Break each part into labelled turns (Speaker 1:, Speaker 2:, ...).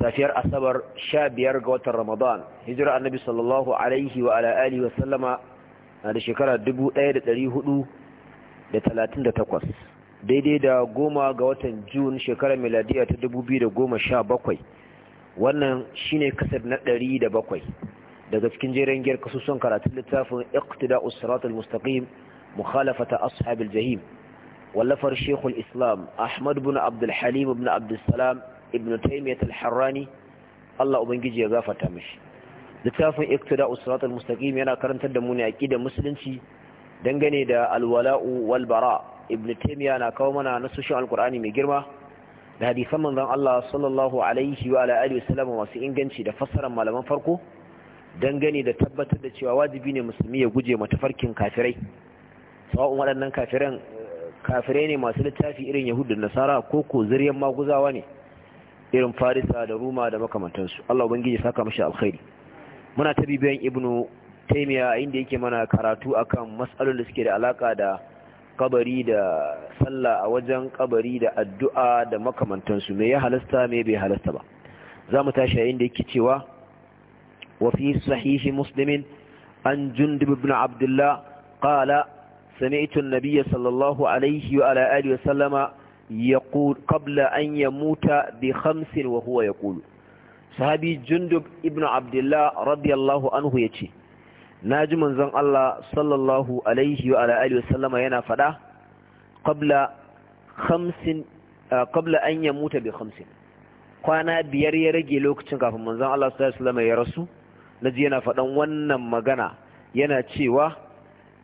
Speaker 1: safiyar asabar sha biyar ga watan ramadan hijira annabi sallallahu alaihi wa ala alihi wasallama na da shekara 1438 daidai da goma ga watan jun shekarar miladiya ta 2017 wannan shine kasar na 107 daga cikin jerin giyar kasusun karatun littafin iqtida usratul mustaqim mukhalafata ashabil jahim wallafar shekul islam ahmad bin abdul halim bin abdul salam ibn taymiyyah al-harrani Allah ubangiji ya gafarta mishi littafin usrat al mustaqim yana karantar da mu ne aqidar musulunci dangane da alwala'u wal bara ibn taymiyyah na kawo mana nasoshin qurani mai girma da hadisan manzon Allah sallallahu alaihi wa ala alihi wasallam masu inganci da fassarar malaman farko dangane da tabbatar da cewa wajibi ne musulmi ya guje mata farkin kafirai sawa'un waɗannan kafiran kafirai ne masu littafi irin yahudu da nasara ko ko zuriyan maguzawa ne irin farisa da ruma da makamantansu Allah ubangiji saka mashi alkhairi muna ta bibiyan ibnu taymiya inda yake mana karatu akan matsalolin da suke da alaka da kabari da sallah a wajen kabari da addu'a da makamantansu me ya halasta me bai halasta ba zamu tashi inda yake cewa wa fi sahihi muslimin an jundub ibn abdullah qala sami'tu an sallallahu alaihi wa ala alihi wa sallama yaqul qabla an yamuta bi khamsin wa huwa yaqulu sahabi jundub ibnu abdullah radiyallahu anhu yace naji manzon Allah sallallahu alaihi wa ala alihi wasallama yana fada qabla khamsin qabla an yamuta bi khamsin kwana biyar ya rage lokacin kafin manzon Allah sallallahu alaihi ya rasu naji yana faɗan wannan magana yana cewa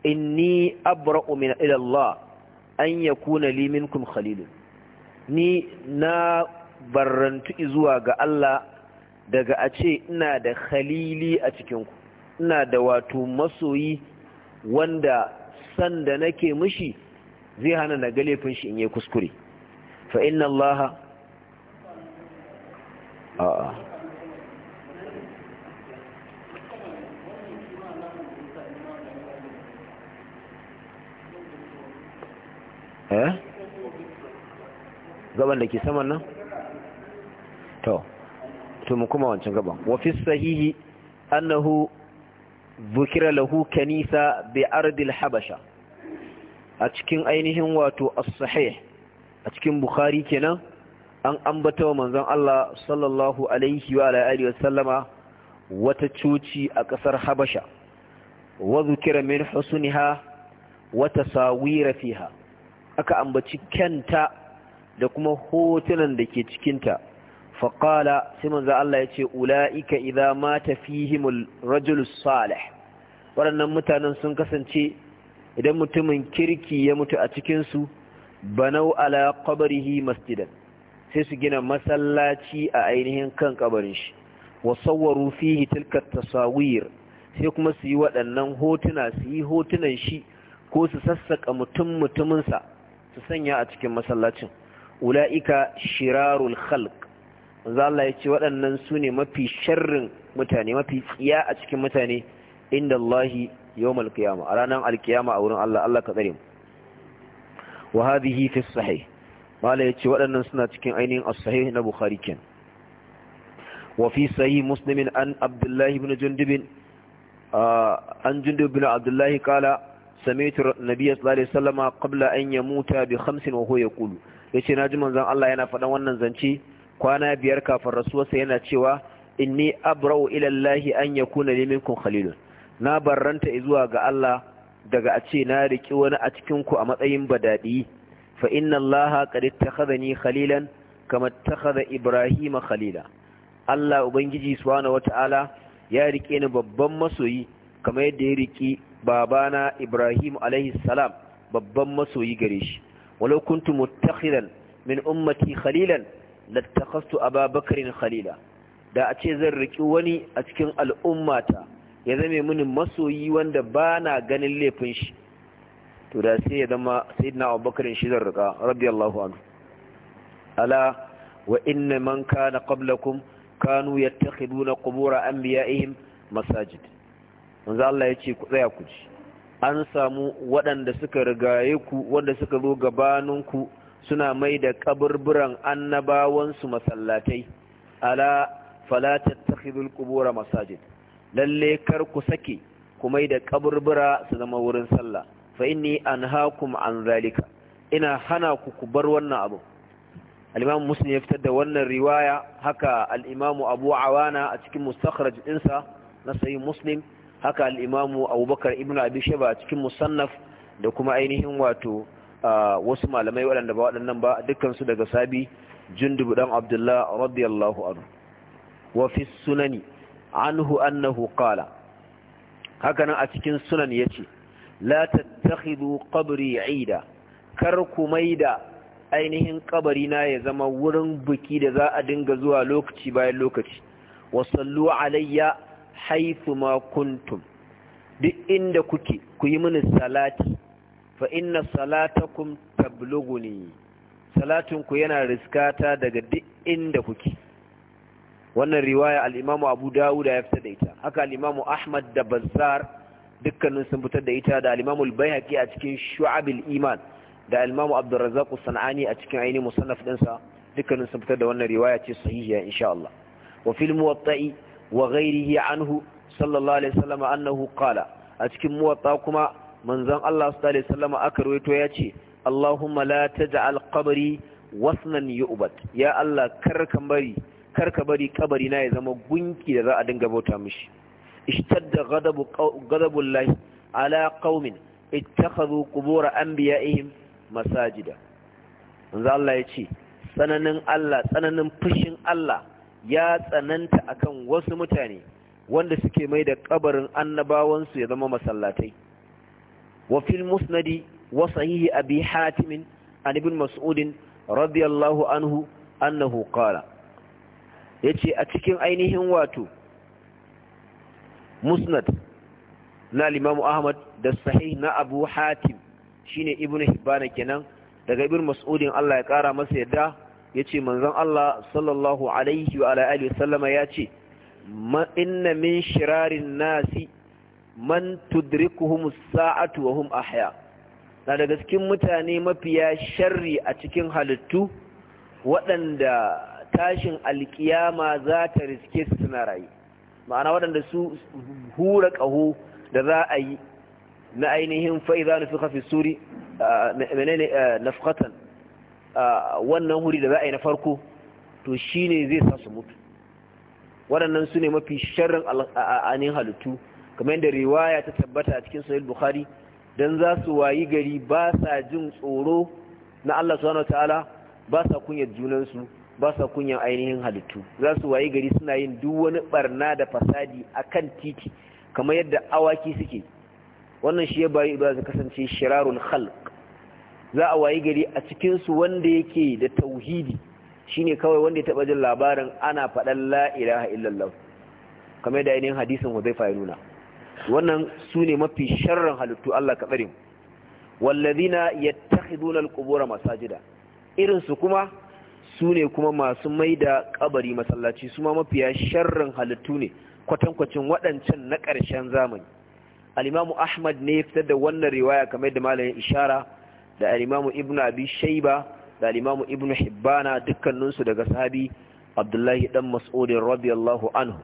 Speaker 1: inni abra'u min ila Allah an yakuna li minkum khalilun ni na barrantu zuwa ga Allah daga a ce ina da khalili a cikinku ina da wato masoyi wanda sanda nake mishi zai hana na ga shi in yi kuskure fa inna Allah a'a eh gaban da ke saman nan to to kuma wancan gaban wa fi sahihi annahu bukira lahu kanisa bi ardil habasha a cikin ainihin wato as-sahih a cikin bukhari kenan an ambata wa manzon Allah sallallahu alaihi wa alihi wa sallama wata coci a kasar habasha wa zukira min husniha wa tasawira fiha aka ambaci kenta da kuma hotunan da ke cikinta faƙala sai manza Allah ya ce ula'ika idza mata fihimul rajul salih waɗannan mutanen sun kasance idan mutumin kirki ya mutu a cikinsu banau ala ƙabarihi masjidan sai su gina masallaci a ainihin kan kabarin shi wa sawwaru fihi tilka tasawir sai kuma su yi waɗannan hotuna su yi hotunan shi ko su sassaka mutum mutuminsa su sanya a cikin masallacin ula'ika shirarun khalq za Allah ya ce waɗannan su ne mafi sharrin mutane mafi tsiya a cikin mutane inda Allah yawm alkiyama a ranar alkiyama a wurin Allah Allah ka tsare mu wa hadhihi fi sahih mala ya ce waɗannan suna cikin ainihin as-sahih na Bukhari ken wa fi sahih muslim an Abdullah ibn Jundubin, an bin Abdullahi Kala, qala sami'tu nabiyyi sallallahu alaihi wasallam qabla an yamuta bi khamsin wa huwa yaqulu ce na ji manzan Allah yana faɗan wannan zance kwana biyar kafin rasuwarsa yana cewa inni abra'u ilallahi Allah an ya kuna kun khalilun na barranta zuwa ga Allah daga a ce na riki wani a cikin ku a matsayin badadi fa inna Allah qad ittakhadhani khalilan kama ittakhadha Ibrahim khalila Allah ubangiji subhanahu wataala ya rike ni babban masoyi kamar yadda ya riki babana Ibrahim alaihi salam babban masoyi gare shi walau kuntu muttakhidan min ummati khalilan lattakhastu Aba Bakr khalila da a ce zan riki wani a cikin al'ummata ya zame mini masoyi wanda ba na ganin laifin shi to da sai ya zama sayyidina Abubakar shi zan rika radiyallahu anhu ala wa inna man kana qablakum kanu yattakhiduna qubur anbiya'ihim masajid manzo Allah ce ku tsaya ku ji an samu waɗanda suka rigaye ku wanda suka zo gabaninku suna mai da kaburburan annabawansu masallatai ala ta tattakhidul ƙubura masajid lalle kar ku sake ku mai da kaburbura su zama wurin sallah fa inni anhaakum an zalika ina hana ku ku bar wannan abu al-imam muslim ya fitar da wannan riwaya haka al-imam abu awana a cikin mustakhraj ɗinsa na sahih muslim haka al'imamu abubakar ibn abishaba cikin musannaf da kuma ainihin wato wasu malamai waɗanda ba waɗannan ba dukansu daga sabi jundubu dan abdullah radiyallahu anhu wa fi sunani anhu annahu qala haka nan a cikin sunan ce, la tattakhidhu qabri ida kar ku maida ainihin kabari na ya zama wurin biki da za a dinga zuwa lokaci bayan lokaci wa sallu alayya haithu ma kuntum duk inda kuke ku yi mini salati fa inna salatakum tabluguni. Salatunku yana riskata daga duk inda kuke wannan riwaya al Abu Dawud ya fitar da ita haka al Ahmad da Bazzar dukkanin sun fitar da ita da al-Imam al a cikin Shu'abul Iman da al-Imam sanani a cikin ainihin musannaf dinsa dukkanin sun fitar da wannan riwaya ce sahihiya insha Allah wa fil Muwatta'i wa ghairihi anhu sallallahu alaihi wasallam annahu qala a cikin muwatta kuma manzon Allah sallallahu alaihi wasallam aka rawaito ya ce Allahumma la taj'al qabri wasnan yu'bad ya Allah karka bari karka bari kabari na ya zama gunki da za a dinga bauta mishi ishtadda ghadabu ghadabullahi ala qaumin ittakhadhu qubur anbiya'ihim masajida manzo Allah ya ce tsananin Allah tsananin fushin Allah ya tsananta akan wasu mutane wanda suke mai da kabarin annabawansu ya zama masallatai wa fil musnadi wa sahihi abi hatim an ibn mas'ud radiyallahu anhu annahu qala yace a cikin ainihin wato musnad na limamu ahmad da sahih na abu hatim shine ibn hibban kenan daga ibn mas'udin Allah ya kara masa yadda yace manzon Allah sallallahu alaihi wa alihi sallama yace inna min shirarin nasi man tudrikuhum saatu wa hum ahya na daga cikin mutane mafiya sharri a cikin halittu waɗanda tashin alkiyama za ta riske su suna rayu ma'ana waɗanda su hura ƙaho da za a yi na ainihin fa'iza na fi suri na nafkatan wannan huri da za a yi na farko to shi ne zai sa su mutu waɗannan su ne mafi sharrin anin halittu kamar yadda riwaya ta tabbata a cikin sahih bukhari dan za su wayi gari ba sa jin tsoro na Allah subhanahu wataala ba sa kunyar junansu ba sa kunyan ainihin halittu za su wayi gari suna yin duk wani barna da fasadi a kan titi kamar yadda awaki suke wannan shi ya bayi ba su kasance shirarul khalq za a wayi gari a cikinsu wanda yake da tauhidi shine kawai wanda ya taba jin labarin ana faɗan la ilaha illallah kamar da ainihin hadisin huzaifa ya nuna wannan su ne mafi sharran halittu Allah ka tsare mu wallazina yattakhiduna masajida irin su kuma su ne kuma masu maida kabari masallaci su ma mafiya sharran halittu ne kwatankwacin waɗancan na ƙarshen zamani al ahmad ne fitar da wannan riwaya kamar da malamin ishara da al-imamu ibnu abi shayba da al-imamu hibbana dukkaninsu daga sahabi abdullahi dan Mas'udin radiyallahu anhu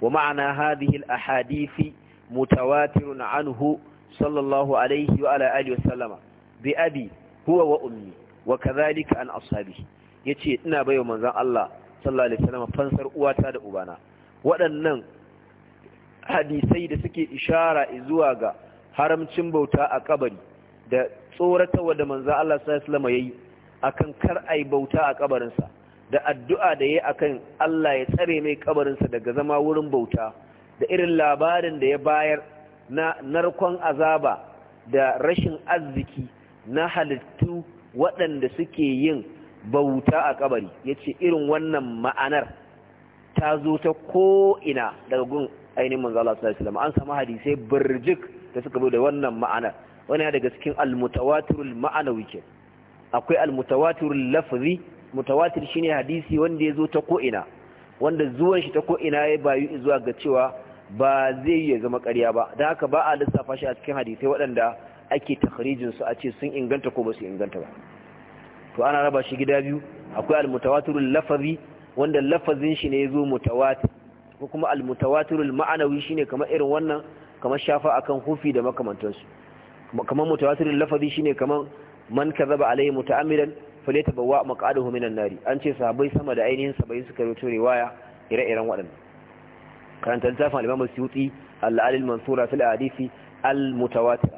Speaker 1: wa ma'ana hadhihi al-ahadith mutawatirun anhu sallallahu alayhi wa ala alihi wa sallama bi abi huwa wa ummi wa kadhalika an ashabi yace ina baiwa manzon Allah sallallahu alaihi wasallam fansar uwata da ubana waɗannan hadisai da suke ishara zuwa ga haramcin bauta a kabari da Tsorata da manzan Allah sallama ya yi a kan kar a yi bauta a kabarinsa da addu'a da ya yi a kan Allah ya tsare mai kabarinsa daga zama wurin bauta da irin labarin da ya bayar na narkon azaba da rashin arziki na halittu waɗanda suke yin bauta a kabari ya ce irin wannan ma'anar ta zo ta ko'ina daga gun ainihin manzan Allah sallama an sami hadisai birjik da suka da wannan ma'anar wani daga cikin almutawatirul ma'anawi ke akwai almutawatirul lafzi mutawatir shine hadisi wanda ya zo ta ko'ina wanda zuwan shi ta ko'ina ya bayu zuwa ga cewa ba zai yi ya zama ƙarya ba da haka ba a lissafa shi a cikin hadisai waɗanda ake takharijin su a ce sun inganta ko ba su inganta ba to ana raba shi gida biyu akwai almutawatirul lafzi wanda lafazin shi ne ya zo mutawatir ko kuma almutawatirul ma'anawi shine kamar irin wannan kamar shafa akan hufi da makamantansu kamar mutawatirin lafazi shine kamar man kazaba alaihi muta'ammidan falyatabawa maq'adahu minan nari an ce sahabbai sama da ainihin sabai suka rawaito riwaya ire-iren waɗannan karanta tafin al-Imam Suyuti al-Ali al-Mansura fil hadisi al-mutawatir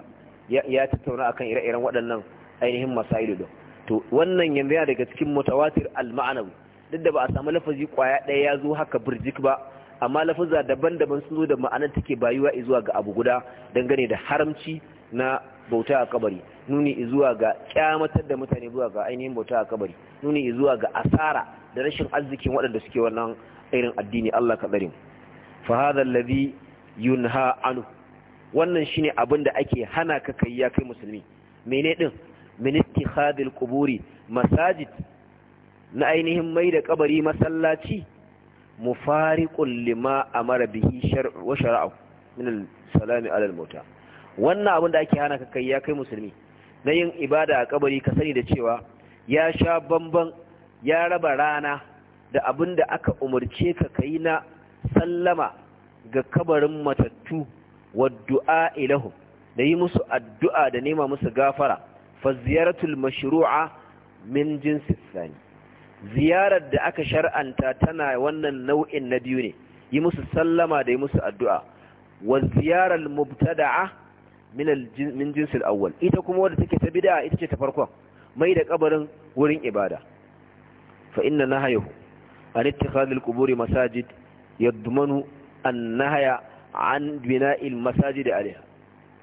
Speaker 1: ya tattauna akan ire-iren waɗannan ainihin masailu din to wannan yanzu yana daga cikin mutawatir al-ma'anawi duk da ba a samu lafazi kwaya ɗaya ya zo haka birjik ba amma lafazza daban-daban sun zo da ma'anar take bayuwa zuwa ga abu guda dangane da haramci na bauta a kabari nuni zuwa ga kyamatar da mutane zuwa ga ainihin bauta a kabari nuni zuwa ga asara da rashin arzikin waɗanda suke wannan irin addini Allah ka tsare fahadar fa yunha anu. wannan shine abin da ake hana ka kai ya kai musulmi mene din ministi hadil kuburi masajid na ainihin mai da kabari masallaci Mu lima amara bihi mara wa shar'u min salami alal mota wannan abin da ake hana ka kai ya kai musulmi na yin ibada a kabari ka sani da cewa ya sha bamban ya raba rana da abin da aka umarce ka kai na sallama ga kabarin matattu wa du'a ilahum da yi musu addu'a da nema musu gafara fa ziyaratul mashru'a min jinsi tsani ziyarar da aka shar'anta tana wannan nau'in na biyu ne yi musu sallama da yi musu addu'a wa ziyarar mubtada'a min jinsil awwal ita kuma wadda take ta bid'a ita ce ta farkon mai da kabarin wurin ibada fa inna nahayahu an ittikhadil quburi masajid yadmanu an nahaya an bina'il masajid alaiha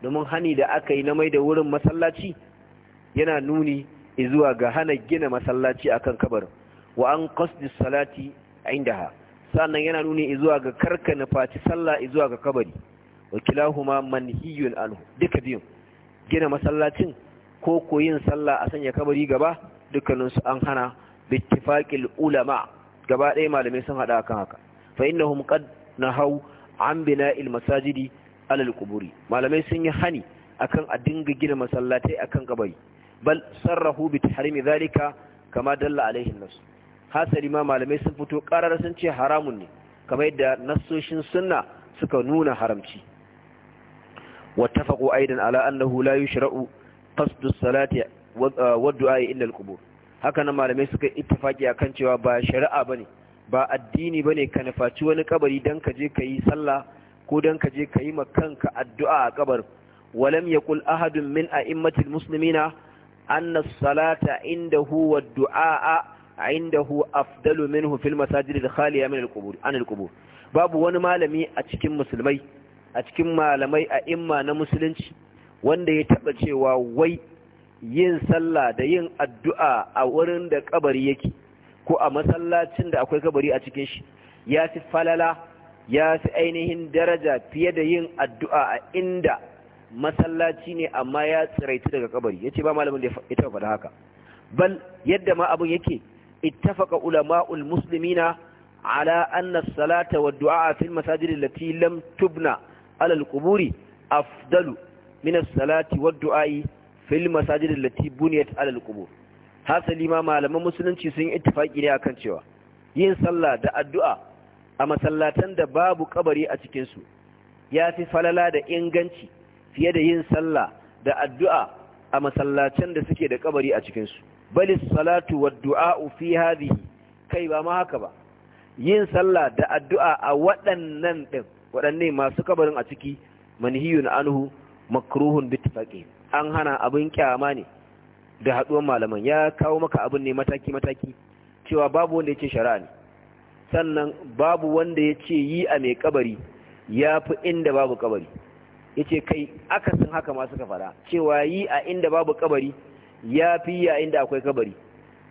Speaker 1: domin hani da aka yi na mai da wurin masallaci yana nuni zuwa ga hana gina masallaci akan kabarin wa an qasdi salati indaha sannan yana nuni zuwa ga karkana faci sallah zuwa ga kabari wakila kilahuma manhiyun anhu duka biyun gina masallacin ko koyin sallah a sanya kabari gaba dukkaninsu an hana bittifaqil ulama gaba ɗaya malamai sun haɗa akan haka fa innahum qad nahaw an bina'il masajidi alal malamai sun yi hani akan a dinga gina masallatai akan kabari bal sarrahu bi tahrimi zalika kama dalla alaihi nas hasari ma malamai sun fito karar sun ce haramun ne kamar yadda nassoshin sunna suka nuna haramci wattafaqu aidan ala annahu la yushra'u qasdu salati wa du'a illa al-qubur haka nan malamai suka ittifaki akan cewa ba shari'a bane ba addini bane ka nufaci wani kabari dan ka je kayi sallah ko dan ka je kayi ma ka addu'a a kabarin walam yaqul ahadun min a'immatil muslimina anna as-salata indahu wa du'a indahu afdalu minhu fil masajid al-khaliya min al-qubur an al babu wani malami a cikin musulmai a cikin malamai a imma na musulunci wanda ya taba cewa wai yin sallah da yin addu'a a wurin da kabari yake ko a masallacin da akwai kabari a cikin shi ya fi falala ya fi ainihin daraja fiye da yin addu'a a inda masallaci ne amma ya tsiraitu daga kabari ce ba malamin da ya taba faɗa haka bal yadda ma abin yake ittafaqa ulama'ul muslimina على wa du'a a fil المساجد التي Lam Tubna. alal quburi afdalu min as-salati wad-du'a'i fil masajid allati buniyat alal qubur hasali ma malaman musulunci sun yi ittifaki ne a kan cewa yin sallah da addu'a a masallatan da babu ƙabari a cikin su yafi falala da inganci fiye da yin sallah da addu'a a masallatan da suke da ƙabari a cikin su salatu wad du'a fi hadhihi kai ba ma haka ba yin sallah da addu'a a waɗannan din waɗanne masu kabarin a ciki manihiyun anhu makruhun bittifaqi an hana abin kyama ne da haduwan malaman ya kawo maka abin ne mataki mataki cewa babu wanda yake shari'a ne sannan babu wanda yace yi a mai kabari yafi inda babu kabari yace kai akasin haka ma suka fara cewa yi a inda babu kabari yafi yi a inda akwai kabari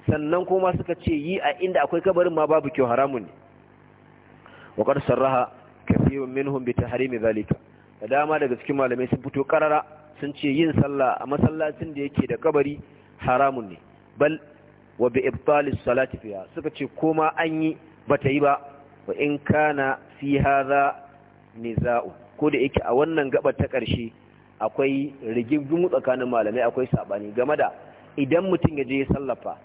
Speaker 1: sannan kuma suka ce yi a inda akwai kabarin ma babu kyau haramun ne wa qad sarraha kafirun minhum bi tahrimi zalika da dama daga cikin malamai sun fito karara sun ce yin sallah a masallacin da yake da kabari haramun ne bal wa bi ibtalis salati fiha suka ce ma an yi bata yi ba wa in kana fi hadha niza'u ko da yake a wannan gabar ta karshe akwai rigingimu tsakanin malamai akwai sabani game da idan mutum ya je ya sallafa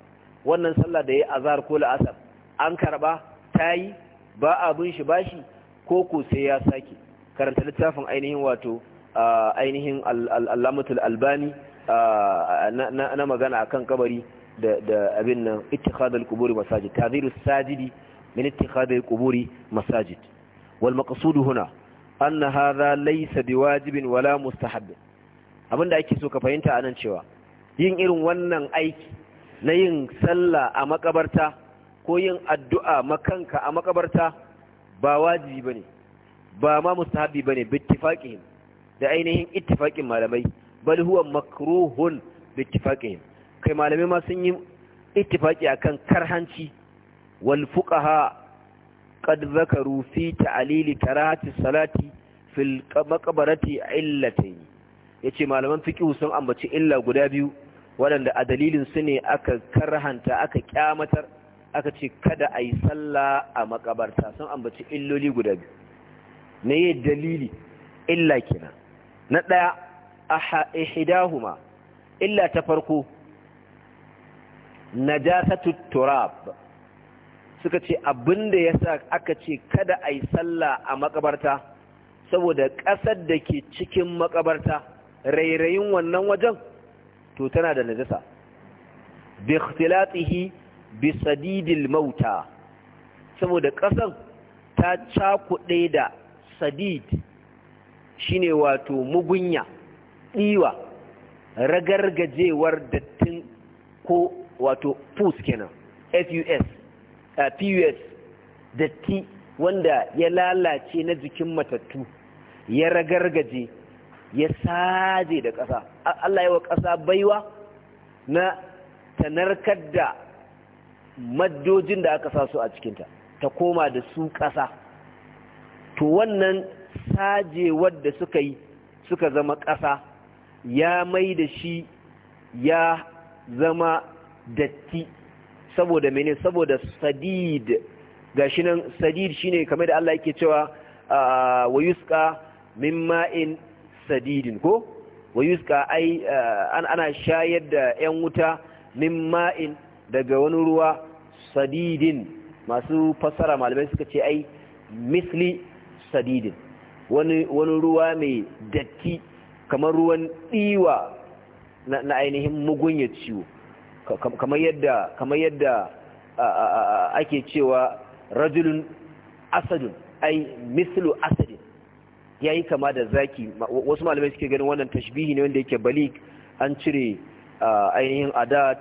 Speaker 1: wannan sallah da ya azhar ko la'asar an karba tayi ba abun shi bashi ko ko sai ya sake karanta littafin ainihin wato ainihin al'amatul albani na magana akan kabari da abin nan ittikhadul kuburi masajid tadhiru sajidi min ittikhadul kuburi masajid wal makasudu huna anna hadha laysa biwajibin wala mustahab abinda ake so ka fahimta anan cewa yin irin wannan aiki na yin sallah a makabarta ko yin addu'a makanka a makabarta ba wajibi bane ba ma mustahabi bane bittifaqihim da ainihin ittifaqin malamai bal huwa makruhun bittifaqihim kai malamai ma sun yi ittifaqi akan karhanci wal fuqaha qad zakaru fi ta'lil karahati salati fil maqbarati illatayn yace malaman fiqh sun ambaci illa guda biyu waɗanda a dalilin su ne aka karhanta aka kyamatar aka ce kada a yi sallah a makabarta sun ambaci illoli guda biyu na yi dalili illa kina na ɗaya a hidahuma illa ta farko najasatu turab suka ce abinda ya sa aka ce kada a yi sallah a makabarta saboda ƙasar da ke cikin makabarta rairayin wannan wajen to tana da najasa bi ikhtilatihi bisadidil mauta saboda ƙasan ta cakuɗe da sadid shine wato mugunya ɗiwa ragargajewar dattin ko wato fus kenan fus a pus datti wanda ya lalace na jikin matattu ya ragargaje ya saje da ƙasa Allah wa ƙasa baiwa na tanarkar da maddojin da aka sa su a cikinta ta koma da su ƙasa to wannan sajewar da suka yi suka zama ƙasa ya mai da shi ya zama datti saboda mene saboda sadid gashi nan sadid shine kamar da Allah yake cewa ah, wa yusqa min ma'in sadidin ko wa ai ah, ana shayar da yan wuta min ma'in daga wani ruwa sadidin masu fassara malamai suka ce ai misli sadidin wani ruwa mai datti kamar ruwan ɗiwa na ainihin mugunya ciwo kamar yadda ake cewa rajulun asadun ai mislu asadin yi kama da zaki wasu malamai suke ganin wannan tashbihi ne wanda yake balik an cire ainihin adat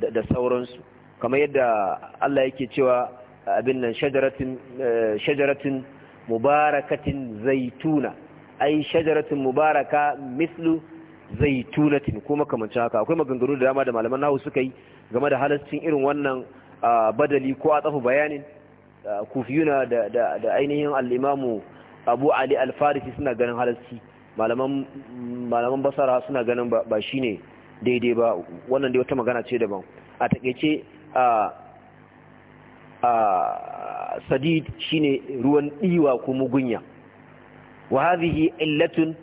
Speaker 1: da sauransu kamar yadda Allah yake cewa abin nan shajaratin eh, mubarakatin zaituna ai shajaratin mubaraka mislu zaitunatin kuma kamancin haka akwai maganganu da dama da malaman nahu suka yi game da halaccin irin wannan badali ko a tsafu bayanin kufiyuna da ainihin al'imamu abu ali alfarisi suna ganin halarci malaman basara suna ganin ba shine ne daidai ba wannan dai wata magana ce daban a takaice a a sadid shine ruwan diwa ko mugunya wa hadhihi illatun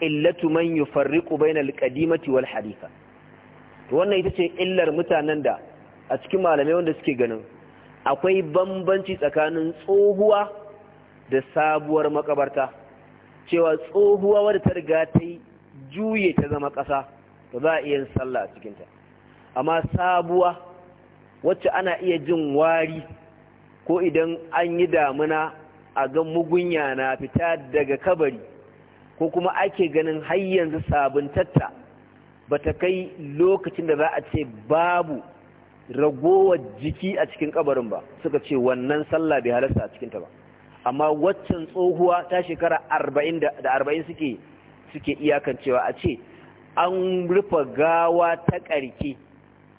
Speaker 1: illatu man yufarriqu bainal alqadimati wal haditha to wannan ita ce illar mutanen da a cikin malamai wanda suke ganin akwai bambanci tsakanin tsohuwa da sabuwar makabarta cewa tsohuwa wadda ta riga ta juye ta zama ƙasa ba za a iya yin sallah a cikinta amma sabuwa wacce ana iya jin wari ko idan an yi damuna a ga mugunya na fita daga kabari ko kuma ake ganin har yanzu sabuntatta ba ta kai lokacin da za a ce babu ragowar jiki a cikin kabarin ba suka ce wannan sallah bai halasta a cikinta ba amma waccan tsohuwa ta shekara arba'in da arba'in suke suke iyakancewa a ce an rufe gawa ta ƙarki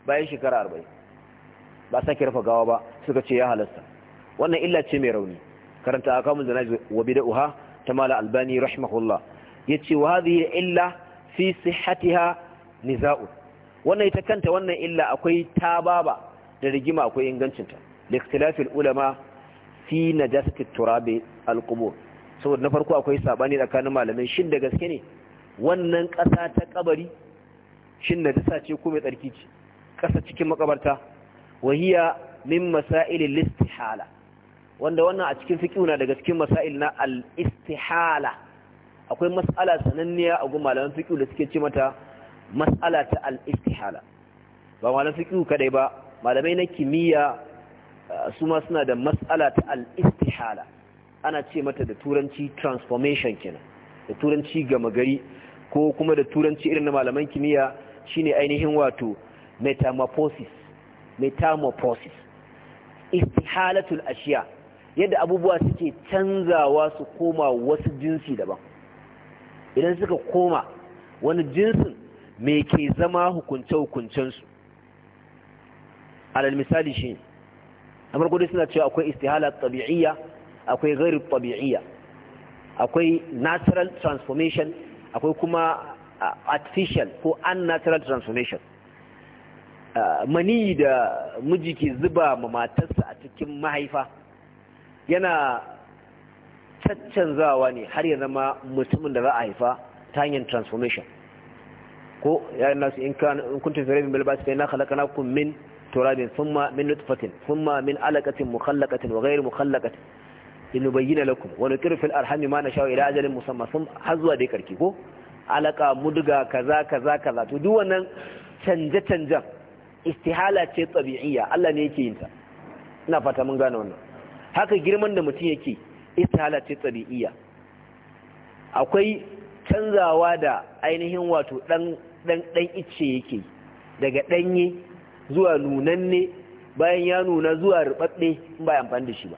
Speaker 1: bayan shekara arba'in ba sake rufe gawa ba suka ce ya halasta wannan illa ce mai rauni karanta a kamun zanaji wa uha ta mala albani rahimahullah ce wa hadhihi illa fi sihhatiha niza'un wannan ita kanta wannan illa akwai tababa da rigima akwai ingancinta liktilafil ulama fi na jasitin turabe alqubur saboda na farko akwai sabani tsakanin malamin shin da gaske ne wannan ƙasa ta kabari shin najasa ce ko mai tsarki ce ƙasa cikin makabarta wahiya min masailin listihala wanda wannan a cikin fiqh na daga cikin masail na al istihala akwai mas'ala sananniya a gun malaman fiqh da suke ce mata mas'ala ta al istihala ba malaman fiqh kadai ba malamai na kimiyya eh, su ma suna da mas'ala ta al istihala ana ce mata da turanci transformation kenan da turanci gama gari ko kuma da turanci irin na malaman kimiyya shine ainihin wato metamorphosis metamorphosis istihalatul ashiya yadda abubuwa suke canzawa su koma wasu jinsi daban idan suka koma wani jinsin me ke zama hukunce-hukuncensu alal misali shi a suna cewa akwai istihala tabi'iyya akwai gairu tabi'iyya akwai natural transformation akwai kuma uh, artificial ko unnatural transformation uh, maniyi da miji ke zuba ma matarsa a cikin mahaifa yana caccanzawa ne har ya zama mutumin da za a haifa ta hanyar transformation ko ya yi nasu in kuntun fere min sai na na kun min turabin ma min nutfatin ma min alakatin mukhallaqatin wa ghayr linubayyana lakum wa nutiru fil arhami ma nasha'u ila ajalin musamma sun har dai karki ko alaka mudga kaza kaza kaza to duk wannan canje canjen istihala ce tabi'iyya Allah ne yake yin ta ina fata mun gane wannan haka girman da mutum yake istihala ce tabi'iyya akwai canzawa da ainihin wato dan dan dan ice yake daga danye zuwa nunanne bayan ya nuna zuwa rubabbe in ba amfani da shi ba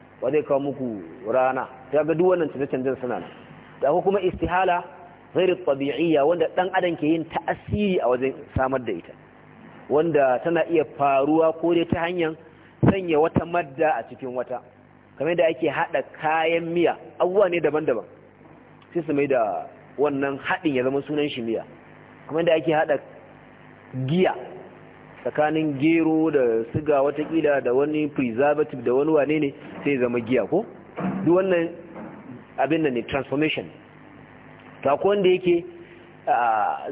Speaker 1: wa zai kawo muku rana ta ga duk wannan canje-canjen suna nan da ku kuma istihala ghairi tabi'iyya wanda dan adam ke yin ta'asiri a wajen samar da ita wanda tana iya faruwa ko dai ta hanyar sanya wata madda a cikin wata kamar da ake hada kayan miya abuwa ne daban-daban sai su mai da wannan haɗin ya zama sunan shi miya kamar da ake hada giya tsakanin gero da siga watakila da wani preservative da wani wane ne sai zama giya ko duk wannan abin ne transformation ta wanda yake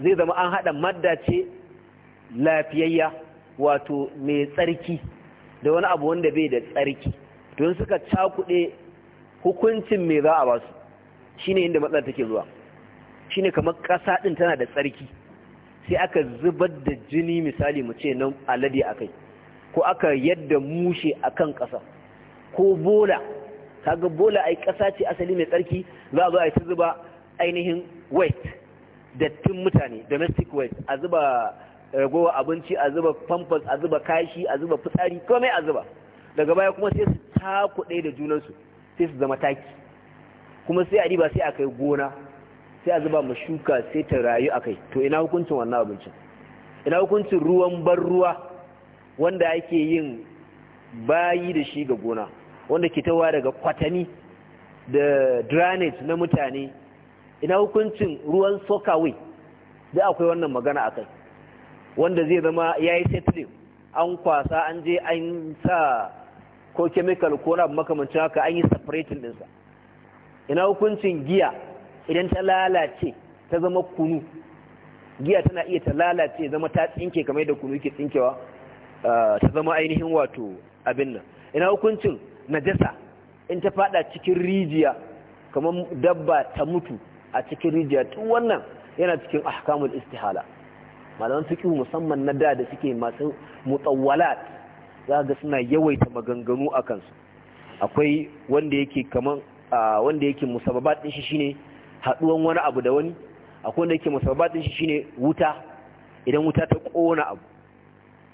Speaker 1: zai zama an hada madda ce lafiyayya wato mai tsarki da wani abu wanda bai da tsarki don suka cakuɗe hukuncin mai za a basu shine inda matsala take zuwa shine kamar ƙasa ɗin tana da tsarki sai aka zubar da jini misali mu ce nan alade akai ko aka yadda mushe akan ƙasa ko bola kaga bola ai ƙasa ce asali mai tsarki za a zo a ta zuba ainihin da dattin mutane domestic weight a zuba ragowar abinci a zuba pampers a zuba kashi a zuba fitsari komai a zuba daga baya kuma sai su takuɗe da junansu sai su zama taki kuma sai a riba sai a kai gona sai a zuba mashuka shuka sai ta rayu akai to ina hukuncin wannan abincin ina hukuncin ruwan ban ruwa wanda ake yin bayi da shi ga gona wanda ke tawa daga kwatani da drainage na mutane ina hukuncin ruwan sokawai da akwai wannan magana akai wanda zai zama ya yi an kwasa an je an sa ko chemical ko na makamancin haka an yi separating ɗinsa ina hukuncin giya idan ta lalace ta zama kunu giya tana iya ta lalace zama ta tsinke kamar da kunu ke tsinkewa eh, ta zama ainihin wato abin nan ina hukuncin najasa in ta fada cikin rijiya kamar dabba ta mutu a cikin rijiya tun wannan yana cikin ahkamul istihala malaman fiqh musamman na da da suke masu mutawwalat za ga suna yawaita maganganu akan su akwai wanda yake kaman ah, wanda yake musababat din shi shine haduwan wani abu da wani akwai wanda yake musabbatin shi shine wuta idan wuta ta kona abu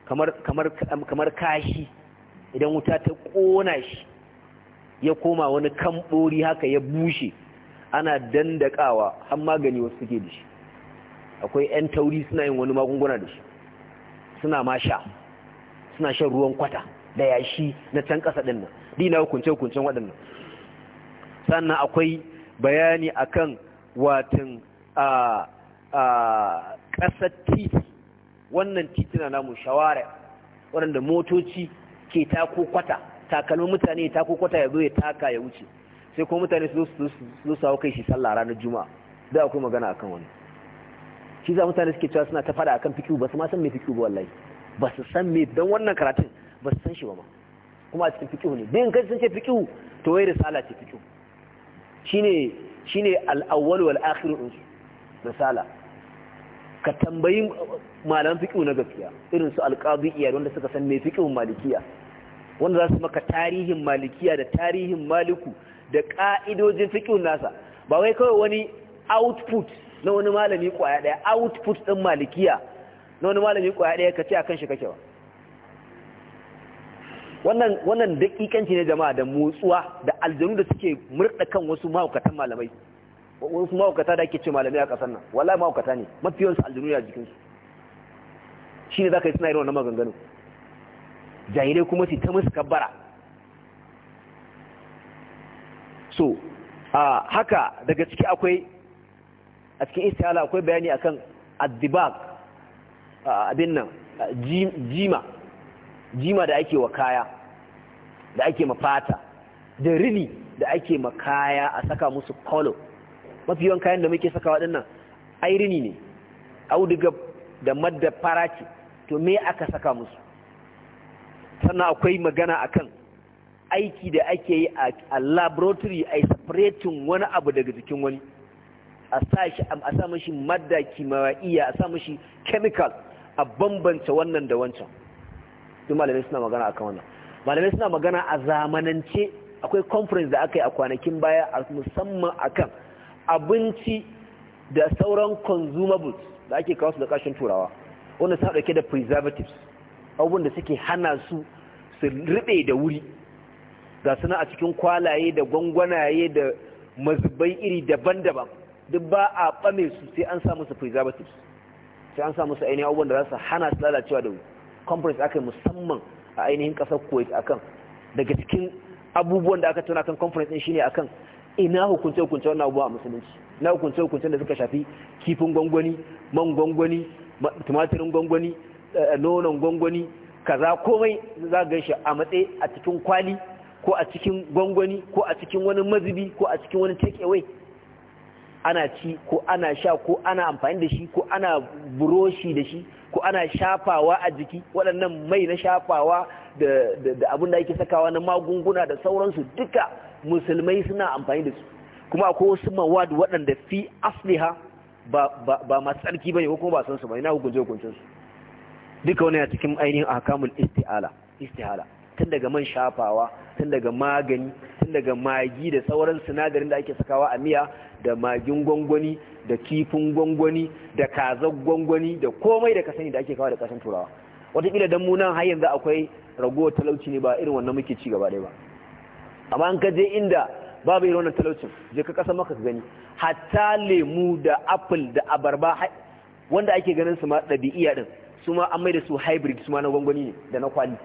Speaker 1: kamar kamar kamar kashi idan wuta ta kona shi ya koma wani kambori haka ya bushe ana dandakawa har magani wasu suke da shi akwai yan tauri suna yin wani magunguna da shi suna ma sha suna shan ruwan kwata da yashi na can kasa din dina hukunce hukuncen waɗannan sannan akwai bayani akan watan a a ƙasar titi wannan na namun shawara waɗanda motoci ke tako kwata takalmin mutane ya tako kwata ya zo ya taka ya wuce sai kuma mutane su zo su hau kai shi sallah ranar juma'a da akwai magana akan wani shi za mutane suke cewa suna ta fada akan fikihu ba su ma san me fikihu ba wallahi ba su san me don wannan karatun ba su san shi ba ma kuma a cikin fikihu ne din kai sun ce fikihu to wai risala ce fikihu shine shine al-awwal wal misala ka tambayi malaman fiqh na gaskiya irin su al-qadiyya wanda suka san me fikin malikiya wanda za su maka tarihin malikiya da tarihin maliku da ƙa'idojin fiqh nasa ba wai kawai wani output na wani malami kwaya daya output din malikiya na wani malami kwaya daya ka ce akan shi kake ba wannan wannan dakikanci ne jama'a da motsuwa da aljanu da suke murda kan wasu mahaukatan malamai wasu mahaukata da ake ce malamai a kasar nan wallahi mahaukata ne mafi mafiyansu aljanu ne a jikinsu shi ne za ka yi suna irin wannan maganganu jahilai kuma su ta musu kabbara so a haka daga ciki akwai a cikin istihala akwai bayani akan addibak abin nan jima jima da ake wa kaya da ake mafata da rini da ake ma kaya a saka musu kolo mafi yawan kayan da muke saka dinnan ai rini ne auduga da madda farace to me aka saka musu sannan akwai magana akan aiki da ake yi a laboratory a separating wani abu daga jikin wani a sa sa mashi madda kimawaiya a sa mashi chemical a bambance wannan da wancan duk malamai suna magana akan wannan malamai suna magana a zamanance akwai conference da aka yi a kwanakin baya a musamman akan abinci da sauran consumables da ake kawo su da kashin turawa wanda suna dauke da preservatives abubuwan da suke hana su su rube da wuri ga suna a cikin kwalaye da gwangwanaye da mazubai iri daban-daban duk ba a ɓame su sai an sa musu preservatives sai an sa musu ainihin abubuwan da za su hana su lalacewa da wuri conference aka yi musamman a ainihin kasar kuwait akan daga cikin abubuwan da aka tuna kan conference din shine akan ina hukunce hukunce wannan abubuwa a musulunci na hukunce hukunce da suka shafi kifin gwangwani man gwangwani tumatirin gwangwani eh, nonon gwangwani kaza komai za ga shi a matse a cikin kwali ko a cikin gwangwani ko a cikin wani mazubi ko a cikin wani take away ana ci ko ana sha ko ana amfani da shi ko ana buroshi da shi ko ana shafawa a jiki waɗannan mai na shafawa da abin da ake sakawa na magunguna da sauransu duka musulmai suna amfani da su kuma akwai wasu mawad waɗanda fi asliha ba masu tsarki ba ne ko kuma ba san su ba ina hukunce hukuncen su duka wani a cikin ainihin ahkamul isti'ala istihala tun daga man shafawa tun daga magani tun daga magi da sauran sinadarin da ake sakawa a miya da magin gwangwani da kifin gwangwani da kazan gwangwani da komai da kasani sani da ake kawo da kasan turawa wataƙila don munan har yanzu akwai ragowar talauci ne ba irin wannan muke ci gaba ɗaya ba amma an ka je inda babu irin wannan talaucin je ka kasa maka gani hatta lemu da apple da abarba wanda ake ganin su ma ɗabi'iya ɗin su ma an maida su hybrid su ma na gwangwani ne da na kwali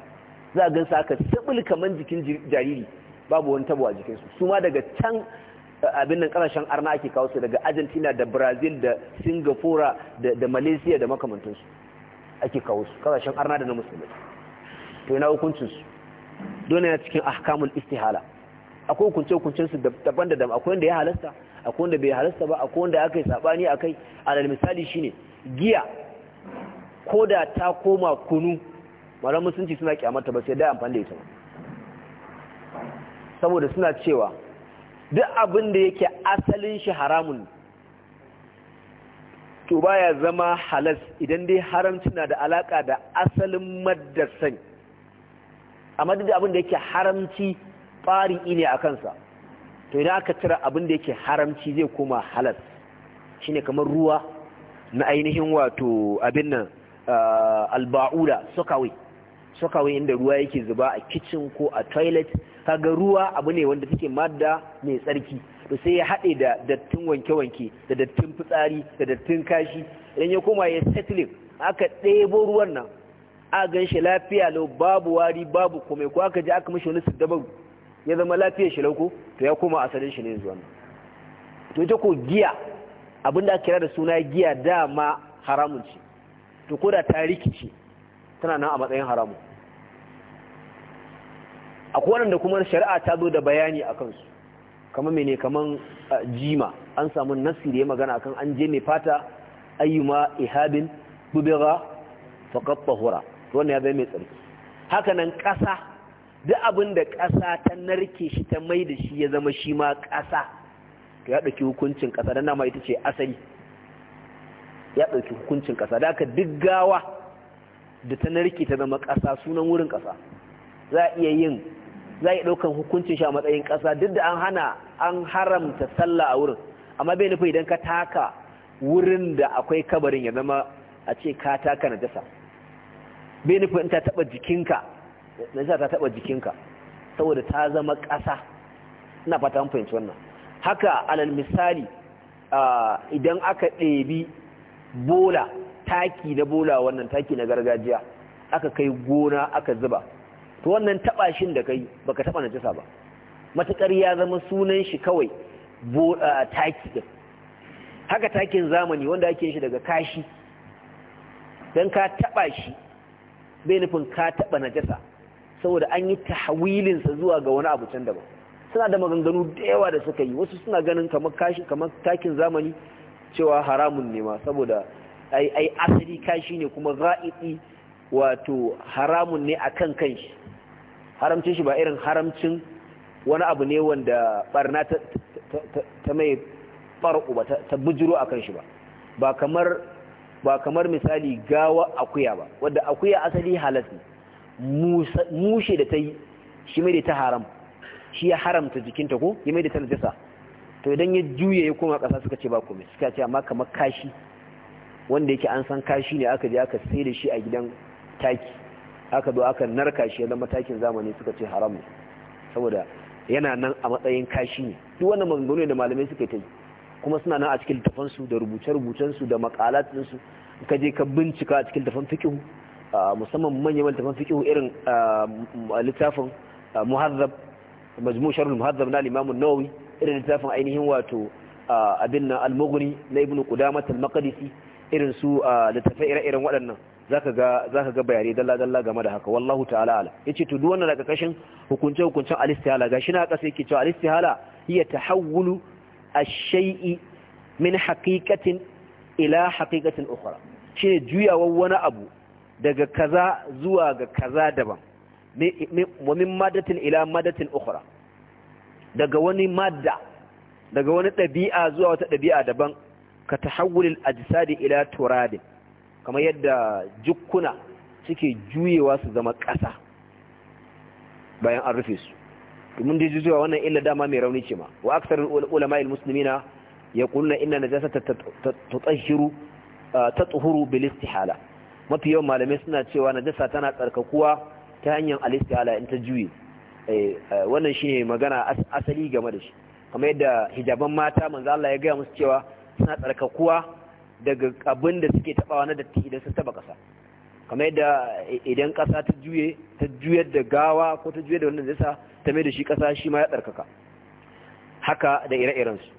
Speaker 1: za a gansa aka sibul kamar jikin jariri babu wani tabo a jikinsu su ma daga can abin nan kasashen arna ake kawo su daga argentina da brazil da singapore da malaysia da makamantansu ake kawo su kasashen arna da na musulmai to yana hukuncinsu dole yana cikin ahkamun istihala akwai hukunce hukuncinsu daban da dama, akwai wanda ya halasta akwai wanda bai halasta ba akwai wanda aka yi sabani akai alal misali shine giya ko da ta koma kunu sun musulunci suna kyamata ba sai dai amfani da ita ba saboda suna cewa duk abin da yake asalin shi haramun to baya zama halas idan dai haramci na da alaka da asalin maddasan amma duk abin da yake haramci fari'i ne a kansa to idan aka cire abin da yake haramci zai koma halas Shi ne kamar ruwa na ainihin wato abin nan ah, alba'ula sokawai sokawai inda ruwa yake zuba a kicin ko a toilet kaga ruwa abu ne wanda take madda mai tsarki to sai ya haɗe da dattin wanke-wanke da dattin fitsari da dattin kashi idan ya koma ya settle aka ɗebo ruwan nan a gan shi lafiya lau babu wari babu komai ko aka ji aka mishi wani siddabaru ya zama lafiyar shi lauko to ya koma asalin shi ne zuwa nan to ita ko giya abinda aka kira da suna giya dama haramun ce to ko da ta rikice tana nan a matsayin haramun akwai da kuma shari'a ta zo da bayani a kansu kamar mene kamar jima an samu nasiri ya magana akan an je mai fata ayyuma ihabin bubira faqat to wannan ya zai mai tsarki haka ƙasa duk abin da ƙasa ta narke shi ta mai da shi ya zama shi ma ƙasa to ya ɗauki hukuncin ƙasa don nama ita ce asali ya ɗauki hukuncin ƙasa da aka duk gawa da ta narke ta zama ƙasa sunan wurin ƙasa za a iya yin za a ɗaukan hukuncin shi a matsayin ƙasa duk da an hana an haramta sallah a wurin amma bai nufi idan ka taka wurin da akwai kabarin ya zama a ce ka taka na jasa bai nufi in ta taɓa jikinka na jasa ta taɓa jikinka saboda ta zama ƙasa ina fata fahimci wannan haka alal misali idan aka ɗebi bola taki na bola wannan taki na gargajiya aka kai gona aka zuba to wannan taba shin da kai baka taba najasa ba matukar ya zama sunan shi kawai a taki din haka takin zamani wanda ake shi daga kashi don ka taba shi bai nufin ka taba najasa saboda an yi tahawilinsa zuwa ga wani abu can daban suna da maganganu da yawa da suka yi wasu suna ganin kamar kashi kamar takin zamani cewa haramun ne ma saboda ai asali kashi ne kuma za'iɗi wato haramun ne a akan kanshi haramcin shi ba irin haramcin wani abu ne wanda barna ta mai farko ba ta bujiro a kan shi ba ba kamar misali gawa akuya ba wadda akuya asali halas mushe da ta yi shi mai da ta haram shi ya haramta jikinta ko ya mai da ta najasa to idan ya juye ya koma kasa suka ce ba kome suka ce amma kamar kashi wanda yake an san kashi ne aka je aka sai da shi a gidan taki aka zo aka narka shi na matakin zamani suka ce haram ne saboda yana nan a matsayin kashi ne duk wannan maganganu da malamai suka ta yi kuma suna nan a cikin littafan su da rubuce rubucen su da makalat su ka je ka bincika a cikin littafan fiqh musamman manyan littafan fiqh irin littafin muhazzab majmu' sharh muhazzab na al-imam an-nawawi irin littafin ainihin wato abin nan al-mughni na ibnu qudamah al-maqdisi irin su littafai ire-iren waɗannan Za ka ga bayani dalla dalla game da haka wallahu ta'ala ala yace to wannan daga kashin hukunce hukuncen alistihala ga shi na kasa yake cewa alistihala iya ta hawulu a shai'i min haƙiƙatin ila haqiqatin shi ne juyawan wani abu daga kaza zuwa ga kaza daban wa min madatin ila madatin ukhra daga wani madda daga wani ɗabi'a zuwa wata ɗabi'a daban ka tahawulil ajsadi ila turadin kamar yadda jukuna suke juyewa su zama ƙasa bayan an rufe su domin da jujuwa wannan illa dama mai rauni ce ma wa aksar ulama muslimina ya jasa inna najasata ta tsuhuru ah, bilisti hala. mafi yawan malamai suna cewa na najasa tana tsarkakuwa ta hanyar alisti hala in ta juye eh, eh, wannan shi ne magana asali game da shi kamar yadda hijaban mata manzo Allah ya gaya musu cewa suna tsarkakuwa daga abin da suke tabawa na datti idan sun taba kasa kamar yadda idan kasa ta juye ta juyar da gawa ko ta juyar da wannan zai sa, ta mai da shi kasa shi ma ya tsarkaka haka da ire-iren su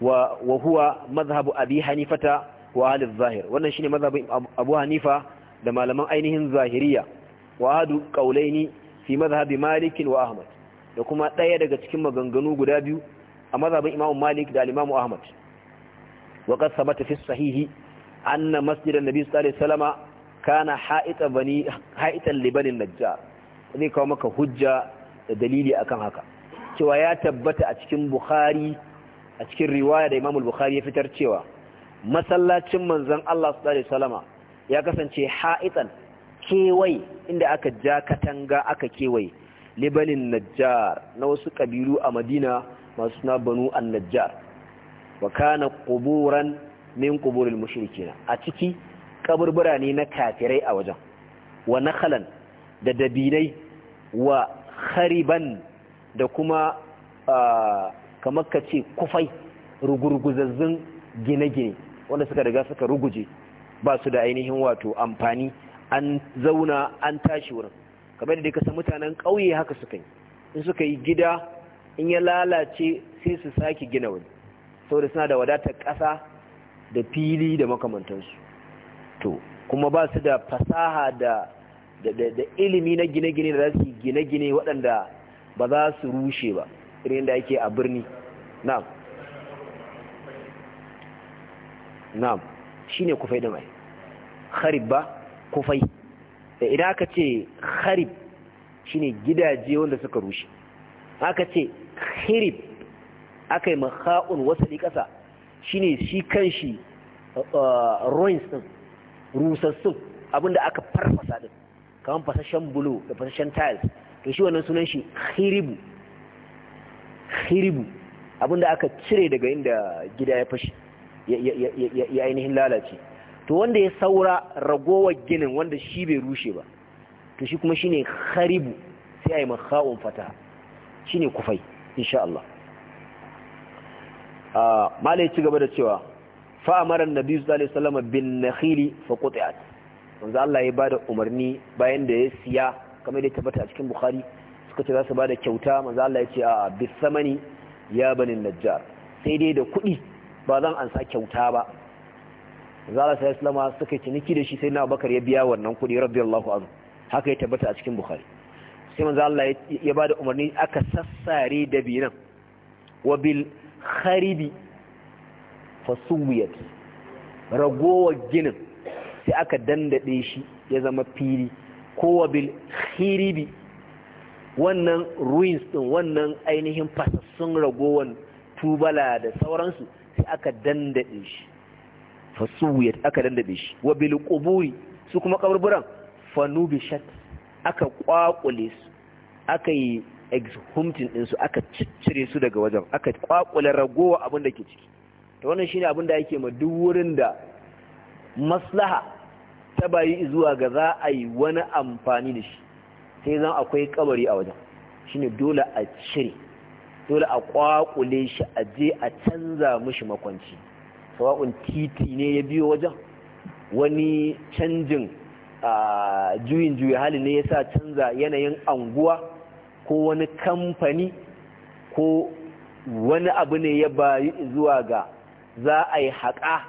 Speaker 1: wa wa huwa mazhabu abi hanifata wa ahli zahir wannan shine mazhabin abu hanifa da malaman ainihin zahiriya wa hadu qaulaini fi mazhabi malik wa ahmad da kuma daya daga cikin maganganu guda biyu a mazhabin imamu malik da ahmad wa qad thabata sahihi anna masjid an-nabi sallallahu alaihi wasallam kana ha'ita bani ha'itan li najjar kawo maka hujja da dalili akan haka cewa ya tabbata a cikin bukhari a cikin riwaya da Imamul bukhari ya fitar cewa masallacin manzon Allah sallallahu alaihi ya kasance ha'itan kewai inda aka ja katanga aka kewaye libanin najjar na wasu kabilu a madina masu suna banu an najjar wa kana quburan min quburil mushrikin a ciki kaburbura ne na kafirai a wajen wa nakhalan da dabinai wa khariban da kuma kamar ka ce kufai rugurguzazzun gine-gine wanda suka riga suka ruguje ba su da ainihin wato amfani an zauna an tashi wurin kamar da ka san mutanen ƙauye haka suka yi in suka yi gida in ya lalace sai su sake gina wani saboda suna da wadatar ƙasa da fili da makamantansu to kuma ba su da fasaha da da ilimi na gine-gine da za su gine-gine waɗanda ba za su rushe ba irin da ake a birni na'am na'am shine kufai da mai harib ba kufai da idan aka ce harib shine gidaje wanda suka rushe aka ce harib aka yi maha'un wasali ƙasa shine shi kan shi uh, ruins ɗin rusassun abinda aka farfasa ɗin kamar fasashen bulo da fasashen tiles to shi wannan sunan shi khiribu khiribu abinda aka cire daga inda gida ya fashi ya ainihin lalace to wanda ya saura ragowar ginin wanda shi bai rushe ba to shi kuma shine kharibu sai a yi maha'un shi shine kufai insha Allah malai ci gaba da cewa fa amara annabi sallallahu alaihi wasallam bin nakhili fa quti'at manzo Allah ya bada umarni bayan da ya siya kamar da ya tabbata a cikin bukhari suka ce za su bada kyauta manzo Allah ya ce a bis samani ya banin najjar sai dai da kuɗi ba zan ansa kyauta ba zala sai islama suka ciniki da shi sai na abakar ya biya wannan kuɗi radiyallahu anhu haka ya tabbata a cikin bukhari sai manzo Allah ya bada umarni aka sassare da binan wa bil kharibi fasuwiyat ragowar ginin sai aka dandade shi ya zama fili kowa bil khiribi wannan ruins din wannan ainihin fasassun ragowar tubala da sauransu sai aka dandade shi fasuwiyat aka dandade shi wa bil quburi su kuma kaburburan fanubishat aka kwakule su aka yi exhumtin su aka ciccire su daga wajen aka kwakula ragowa abin da ke ciki ta wannan shine abin da yake ma duk wurin da maslaha ta bayi zuwa ga za a yi wani amfani da shi sai zan akwai kabari a wajen shine dole a cire dole a kwakule shi a je a canza mishi makwanci sawa'un titi ne ya biyo wajen wani canjin ah, juyin juyi hali ne ya sa canza yanayin anguwa ko wani kamfani ko wani abu ne ya bayu zuwa ga za a yi haƙa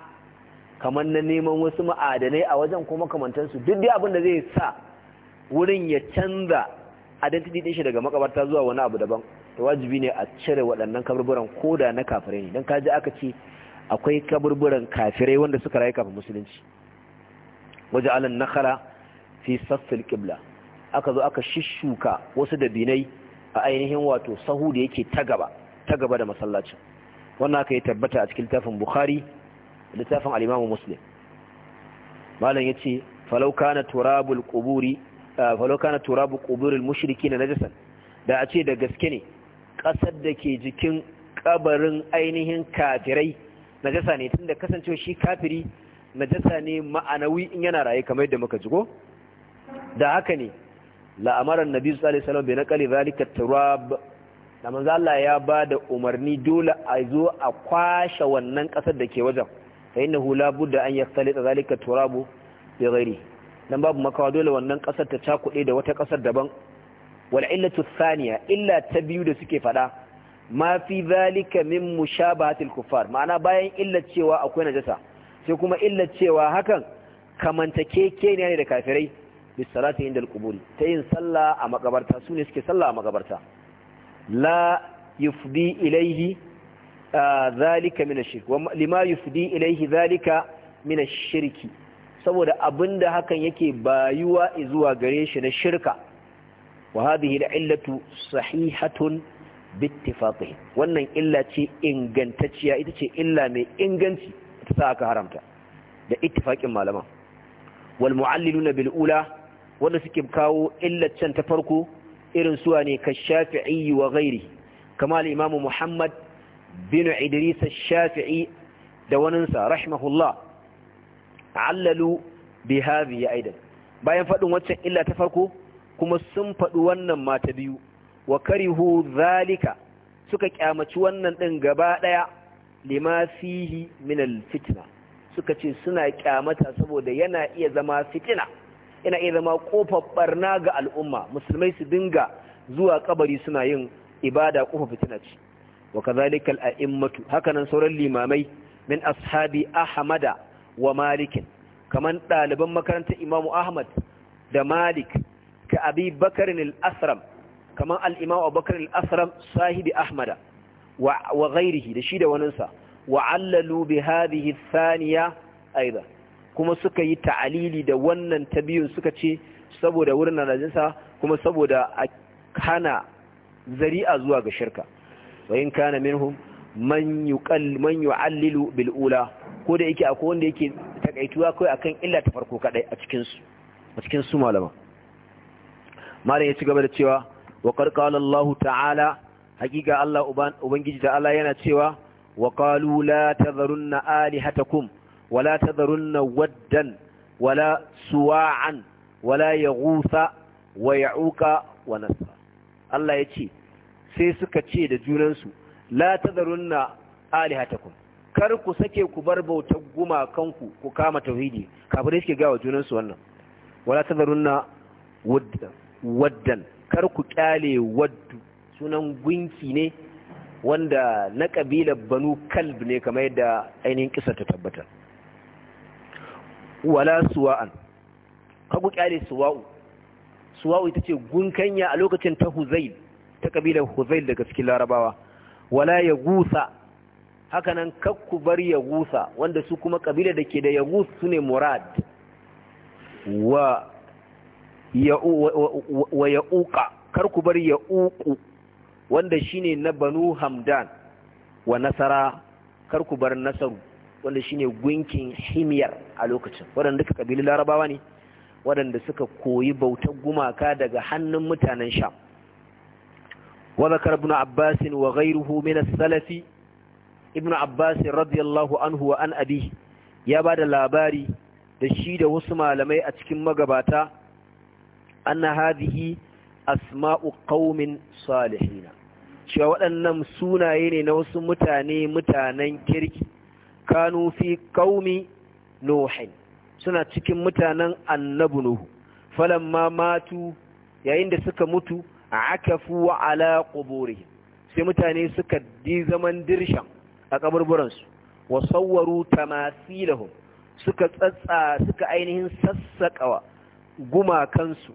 Speaker 1: kamar na neman wasu ma'adanai a wajen ko makamantansu duk dai abin da zai sa wurin ya canza identity din shi daga makabarta zuwa wani abu daban to wajibi ne a cire waɗannan kaburburan ko da na kafirai ne ka kaji aka ce akwai kaburburan kafirai wanda suka rayu kafin musulunci waje alan nakhara fi sassan qibla aka zo aka shishuka wasu dabinai a ainihin wato sahu da yake ta gaba da masallacin wannan aka yi tabbata a cikin littafin bukhari littafin al muslim malam yace ce, kana turabul quburi falau kana najasan da a ce da gaske ne ƙasar da ke jikin kabarin ainihin kafirai najasa ne tunda kasancewa shi kafiri najasa ne ma'anawi in yana raye kamar yadda muka jigo da haka ne la'amaran nabi sallallahu alaihi wasallam bai naqali zalika turab da manzo Allah ya da umarni dole a zo a kwashe wannan kasar da ke wajen fa innahu la budda an yaktalita zalika turabu bi ghairi dan babu makawa dole wannan kasar ta cakude da wata kasar daban wal illatu thaniya illa ta biyu da suke fada ma fi zalika min mushabahatil kuffar ma'ana bayan illa cewa akwai najasa sai kuma illa cewa hakan kamantakekeniya ne da kafirai bis salati inda al ta yin sallah a makabarta su ne suke sallah a makabarta la yufdi ilaihi zalika min ash-shirk wa lima yufdi ilaihi zalika min ash-shirki saboda abinda hakan yake bayuwa zuwa gare shi na shirka wa hadhihi al-illatu sahihatun bittifaqi wannan illa ce ingantacciya ita ce illa mai inganci ta sa aka haramta da ittifaqin malaman wal mu'alliluna wanda suke kawo illacen ta farko irin suwa ne ka shafi'i wa gairi kamar imamu muhammad bin idris shafi'i da waninsa rahimahullah allalu bi ya aidan bayan faɗin waccan illa ta farko kuma sun faɗi wannan mata biyu wa karihu zalika suka kyamaci wannan ɗin gaba ɗaya lima fihi min fitna, suka ce suna kyamata saboda yana iya zama fitina ina iya zama kofar barna ga al'umma musulmai su dinga zuwa kabari suna yin ibada kofar fitina ce wa kazalika al'immatu hakanan sauran limamai min ashabi ahmada wa malikin kaman ɗaliban makarantar imamu ahmad da malik ka abi bakarin al'asram kaman al'imamu bakarin al'asram sahibi ahmada wa ghairihi da shi da waninsa wa allalu bi hadhihi thaniya aidan kuma suka yi ta'alili da wannan ta biyun suka ce saboda wurin najasa kuma saboda a hana zari'a zuwa ga shirka wa in kana minhum man yuqall man yu'allilu bil ula ko da yake akwai wanda yake takaituwa kai akan illa ta farko kadai a cikin su a malama malam ya ci gaba da cewa wa qad qala Allah ta'ala hakika Allah ubangiji ta'ala yana cewa wa qalu la tadharunna alihatakum wala tadharunna waddan wala suwa'an wala yaghutha wa ya'uka wa nasra Allah ya ce sai suka ce da junansu la tadharunna alihatakum kar ku sake ku bar bautar gumakanku ku kama tauhidi kafirai suke gawa junansu wannan wala tadharunna waddan kar ku kyale waddu sunan gunki ne wanda na kabilar banu kalb ne kamar yadda ainihin kisa ta tabbatar wala suwa'an kagu kyale suwa'u suwa'u ita ce gunkanya a lokacin ta huzail ta kabilar huzail daga cikin larabawa wala ya gusa hakanan kakku bar ya wanda su kuma ƙabila da ke da ya su ne murad wa ya uka karku bar ya uku wanda shine na banu hamdan wa nasara karku bar nasaru wanda shine gunkin himiyar a lokacin waɗanda duka kabilun larabawa ne waɗanda suka koyi bautar gumaka daga hannun mutanen sham وذكر ابن عباس وغيره من salafi Ibn abbasin radiyallahu anhu wa an abi ya ba da labari da shi da wasu malamai a cikin magabata anna hadhihi asma'u qaumin salihina cewa waɗannan sunaye ne na wasu mutane mutanen kirki kanu fi qaumi nuhin suna cikin mutanen annabi nuhu falamma matu yayin da suka mutu akafu ala quburihim sai mutane suka di zaman dirshan a kaburburansu wa sawwaru tamasilahum suka tsatsa suka ainihin sassakawa gumakansu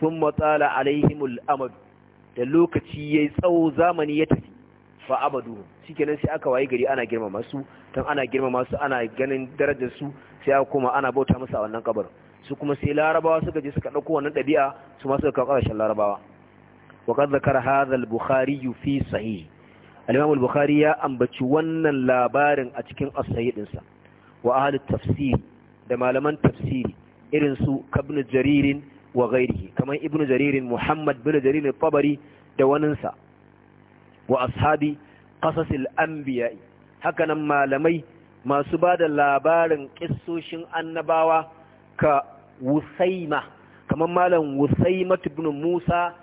Speaker 1: sun matsala alaihimul amadu da lokaci ya yi tsawo zamani ya tafi fa abadu shikenan sai aka waye gari ana girmama su dan ana girmama su ana ganin darajar su sai aka koma ana bauta musu a wannan kabarin su kuma sai larabawa suka je suka dauko wannan dabi'a su ma suka kawo ƙarshen larabawa wa qad zakara hadha al-bukhari fi sahih al-imam al-bukhari ya ambaci wannan labarin a cikin as-sahih dinsa wa ahli tafsir da malaman tafsiri irin su ibn jarir wa ghairihi kamar ibn jarir muhammad bin jarir al-tabari da waninsa wa ashabi qasasil anbiya haka malamai masu ba da labarin kissoshin annabawa ka wusaima kamar malam wusaima ibn Musa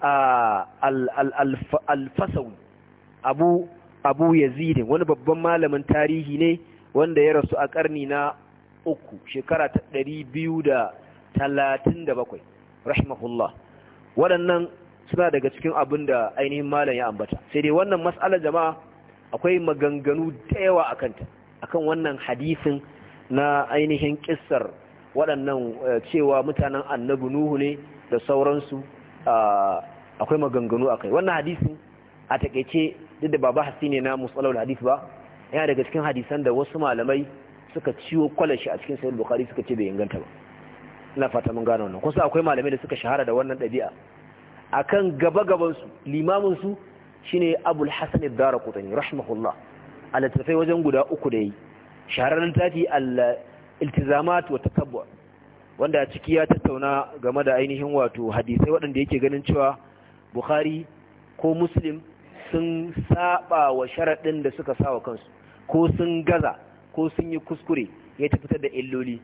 Speaker 1: al-Fasawi abu abu yazid wani babban malamin tarihi ne wanda ya rasu a karni na uku shekara ta ɗari biyu da talatin da bakwai rahimahullah waɗannan suna daga cikin abin da ainihin malam ya ambata sai dai wannan mas'alar jama'a akwai maganganu da yawa a kanta akan wannan hadisin na ainihin kissar waɗannan eh, cewa mutanen annabi nuhu ne da sauransu akwai maganganu akai wannan hadisin a takaice duk da baba hasi ne na da hadis ba yana daga cikin hadisan da wasu malamai suka ciwo kwalashi a cikin sahih bukhari suka ce bai inganta ba ina fata mun gano wannan kusa akwai malamai da suka shahara da wannan ɗabi'a akan gaba-gabansu limaminsu shine abul hasan iddara kutani rahimahullah a littattafai wajen guda uku da yi shahararren tafi al-iltizamat wa tatabbu wanda ciki ya tattauna game da ainihin wato hadisai waɗanda yake ganin cewa bukhari ko muslim sun saba wa sharaɗin da suka sa kansu ko sun gaza ko sun yi kuskure ya tafi da illoli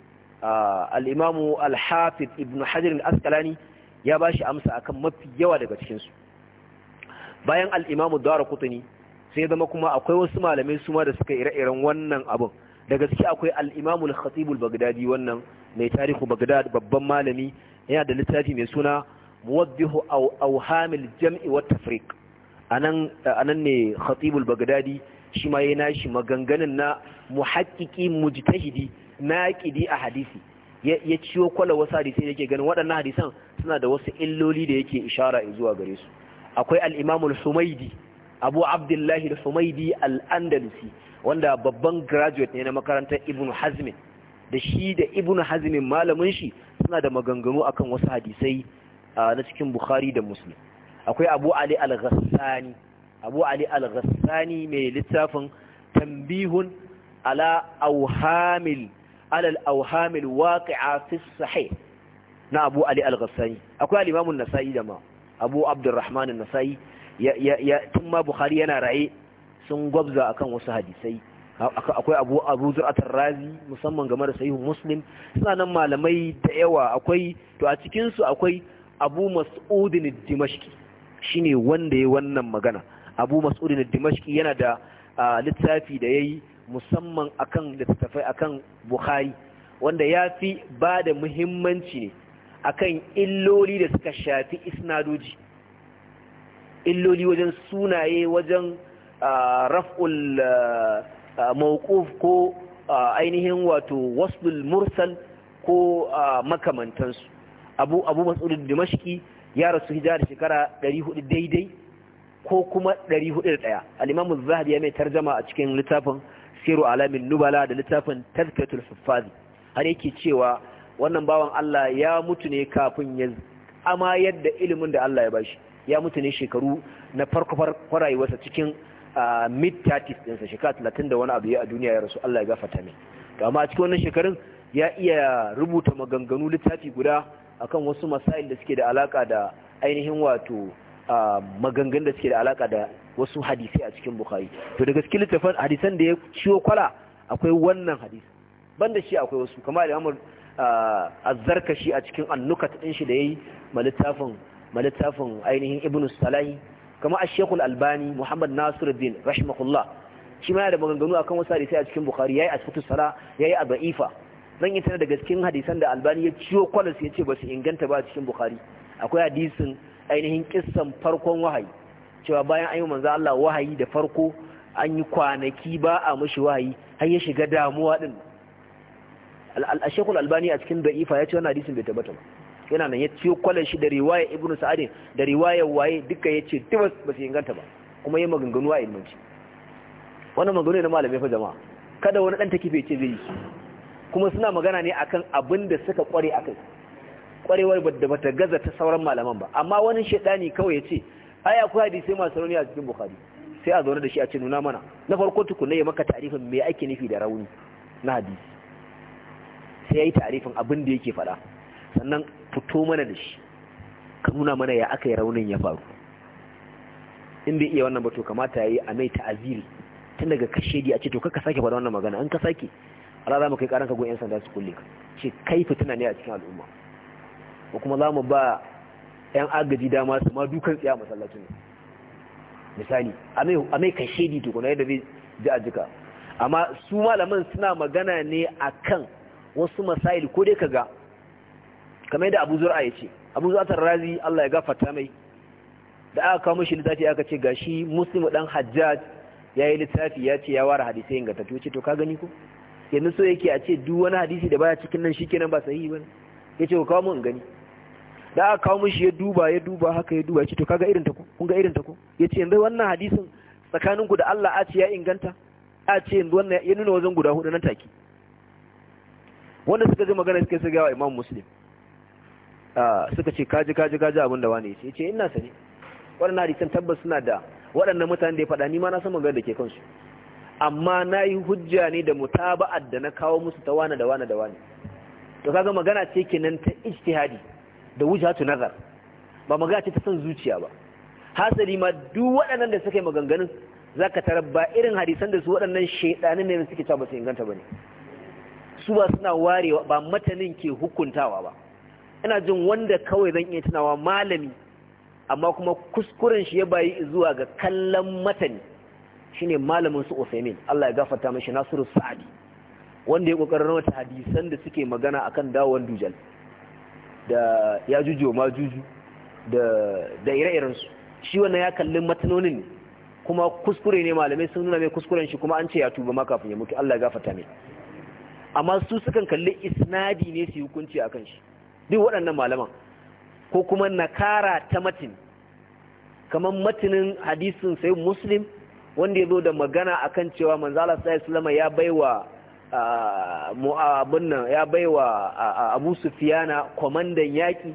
Speaker 1: al-imamu al-hafiz ibn hajar al-asqalani ya ba shi amsa akan mafi yawa daga cikinsu bayan al'imamu dawar kutuni sai zama kuma akwai wasu malamai su ma da suka ire-iren wannan abin daga ciki akwai al'imamu al-khatibul bagdadi wannan mai tarihu bagdad babban malami yana da littafi mai suna muwaddihu auhamil jam'i wa tafriq a nan ne khatibul bagdadi shi ma yana shi maganganun na muhakkiki mujtahidi naqidi a hadisi ya ciwo kwallo wasu hadisai yake ganin waɗannan hadisan suna da wasu illoli da yake ishara zuwa gare su akwai alimamul sumaidi humaidi abu abdullahi da humaidi al'andalusi wanda babban graduate ne na makarantar Ibn hazmin da shi da Ibn hazmin malamin shi suna da maganganu a kan wasu hadisai na cikin bukhari da muslim akwai abu ali al-ghassani abu ali al-ghassani mai littafin tambihun ala auhamil alal awhamil waqi'a fi sahih na Abu Ali al-Ghassani akwai al-Imam an da ma Abu Abdurrahman an-Nasa'i ya ya tun ma Bukhari yana raye sun gwabza akan wasu hadisai akwai Abu Abu razi musamman game da Sahih Muslim suna nan malamai da yawa akwai to a cikinsu akwai Abu Mas'ud ad shine wanda ya wannan magana Abu Mas'ud ad yana da littafi da yayi musamman akan littattafai akan bukhari wanda ya fi ba da muhimmanci ne akan illoli da suka shafi isnadoji illoli wajen sunaye wajen raf'ul mawquf ko ainihin wato waslul mursal ko makamantansu abu abu mas'ud dimashki ya rasu hijira da shekara 400 daidai ko kuma 401 al-imam az-zahabi ya mai tarjama a cikin littafin siru alamin nubala da littafin tazkiyatul huffazi har yake cewa wannan bawan Allah ya mutu ne kafin ya ama yadda ilimin da Allah ya bashi ya mutu ne shekaru na farko farko rayuwarsa cikin mid 30s ɗinsa shekara 30 da wani abu ya a duniya ya rasu Allah ya gafarta mai to amma cikin wannan shekarun ya iya rubuta maganganu littafi guda akan wasu masail da suke da alaka da ainihin wato maganganun da suke da alaka da wasu hadisai a cikin bukhari to daga cikin littafin hadisan da ya ciwo kwala akwai wannan hadisi banda shi akwai wasu kamar al'amur ah, azzarkashi a cikin annuka din shi da yayi malittafin malittafin ainihin Ibn salahi kamar a shekul albani muhammad nasiruddin rashimakullah shi ma da maganganu akan wasu hadisai a cikin bukhari yayi asfatu sala yayi Baifa dan yi tana daga cikin hadisan da albani ya ciwo kwalas ya ce ba su inganta ba a cikin bukhari akwai hadisin ainihin kisan farkon wahayi cewa bayan an yi manzo Allah wahayi da farko an yi kwanaki ba a mashi wahayi har ya shiga damuwa din al-Shaykhul Albani a cikin da'ifa ya ce wannan hadisin bai tabbata ba yana nan ya ciyo kwalan shi da riwaya Ibn Sa'ad da riwaya waye duka ya ce tibas ba su inganta ba kuma yi maganganu a ilmanci wannan maganganu na malamai fa jama'a kada wani dan take ce zai yi kuma suna magana ne akan abin da suka kware akai kwarewar da bata gaza ta sauran malaman ba amma wani shedani kawai ya ce ai akwai hadisi masu rauni a cikin bukhari sai a zaune da shi a ce nuna mana na farko tukunai ya maka tarifin me ake nufi da rauni na hadisi sai yayi tarifin abin da yake fada sannan fito mana da shi ka nuna mana ya aka yi raunin ya faru in bai iya wannan ba to kamata yayi a mai ta'aziri tun daga kashe di a ce to ka sake fada wannan magana in ka sake ala za mu kai karanka gun yan sanda su kulle ka ce kai fitina ne a cikin al'umma ko kuma za mu ba yan agaji dama su ma dukan tsaya masallacin misali a mai kashe di tukuna yadda zai ji a jika amma su malaman suna magana ne a kan wasu masail ko dai kaga kamar yadda abu zura ya ce abu zura ta razi allah ya gafarta mai da aka kawo mashi littafi aka ce gashi muslim dan hajjaj ya yi littafi ya ce ya ware hadisai ingantattu ce to ka gani ko yanzu so yake a ce duk wani hadisi da baya cikin nan shikenan ba sahihi bane yace ko kawo in gani da aka kawo mishi ya duba ya duba haka ya duba ya ce to kaga irin ta ku kun ga irin ta ku ya ce yanzu wannan hadisin tsakanin ku da Allah a ce ya inganta a ce yanzu wannan ya nuna wajen guda hudu nan take wanda suka ji magana suka sagawa Imam Muslim ah, suka ce kaji kaji kaji abin da wani ya ce ina sani wannan hadisin tabbas suna da waɗannan mutanen da ya faɗa ni ma na san magana da ke kansu amma na yi hujja ne da mutaba'ad da na kawo musu ta wane da wane da wani. to kaga magana ce kenan ta ijtihadi da wujhatu nazar ba magana ce ta san zuciya ba hasali ma duk waɗannan da suka yi maganganun ka tarar ba irin hadisan da su waɗannan shaiɗanin ne suke cewa ba su inganta bane su ba suna warewa ba matanin ke hukuntawa ba ina jin wanda kawai zan iya tunawa malami amma kuma kuskuren shi ya bayi zuwa ga kallon matani shine malamin su Usaimin Allah ya gafarta mishi Nasiru Sa'adi wanda ya kokarin wata hadisan da suke magana akan dawon Dujal da ya jujo ma juju da ire-irensu shi wannan ya kalli matanonin kuma kuskure ne malamai sun nuna mai kuskuren shi kuma an ce ya tuba ma kafin ya mutu Allah ya gafarta mai amma su sukan kalli isnadi ne su yi hukunci akan shi duk waɗannan malaman ko kuma nakara ta matin kamar matinin hadisin sai muslim wanda ya zo da magana akan cewa manzala sallallahu alaihi ya baiwa abun nan ya bai wa abu sufiyana kwamandan yaƙi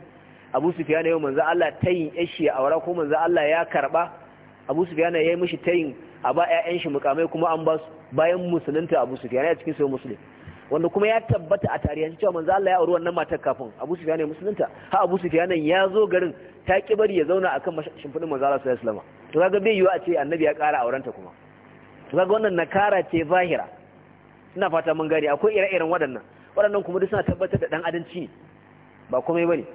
Speaker 1: abu sufiyana yau manzan Allah ta yin yashi a wara ko manzan Allah ya karɓa abu sufiyana yi mishi ta yin a ba 'ya'yan shi mukamai kuma an ba su bayan musulunta abu sufiyana ya cikin sai musulun wanda kuma ya tabbata a tarihi cewa manzan Allah ya auri wannan matar kafin Abu Sufyan ya musulunta ha Abu Sufyan ya zo garin ta ki bari ya zauna akan shimfidin manzan Allah sallallahu alaihi wasallam to kaga bai yiwu a ce annabi ya ƙara aurenta kuma to kaga wannan nakara ce zahira ina fata mun gari akwai ire-iren waɗannan waɗannan kuma duk suna tabbatar da ɗan adalci ba komai yi ba ne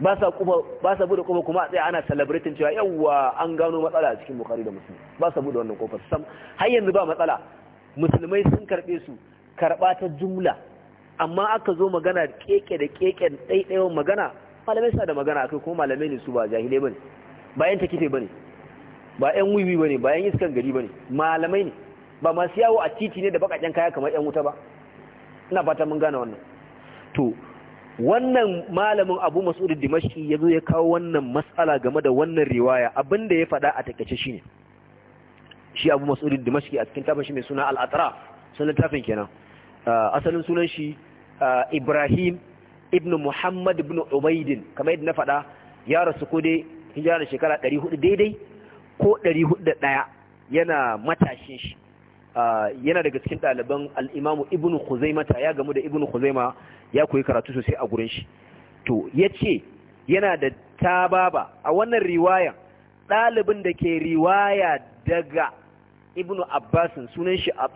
Speaker 1: ba sa buɗe kuma kuma a tsaye ana celebrating cewa yawa an gano matsala a cikin bukari da musulmi ba sa buɗe wannan kofar sam har yanzu ba matsala musulmai sun karɓe su karɓa ta jumla amma aka zo magana keke da keke ɗaiɗayon magana malamai suna da magana akai kuma malamai ne su ba jahilai ba ba yan takife bane ba yan wiwi bane ba yan iskan gari ba ne malamai ne ba masu yawo a titi ne da bakaken kaya kamar yan wuta ba ina fata mun gane wannan to wannan malamin Abu masu da dimashi ya zo ya kawo wannan matsala game da wannan riwaya abinda ya faɗa a shi ne. shi Abu masu da dimashi a cikin tafin shi mai suna al'atara atraf sunan tafin kenan uh, asalin sunan shi uh, Ibrahim ibn Muhammad ibn Ubaidin kamar yadda na faɗa ya rasu ko dai hijira da shekara 400 daidai ko 401 yana matashin shi yana daga cikin ɗaliban al'imamu ibn Khuzaimata ya gamu da ibn Khuzaima ya koyi karatu sosai a gurin shi to ya ce yana da tababa a wannan riwaya ɗalibin da ke riwaya daga ibn Abbasin sunan shi a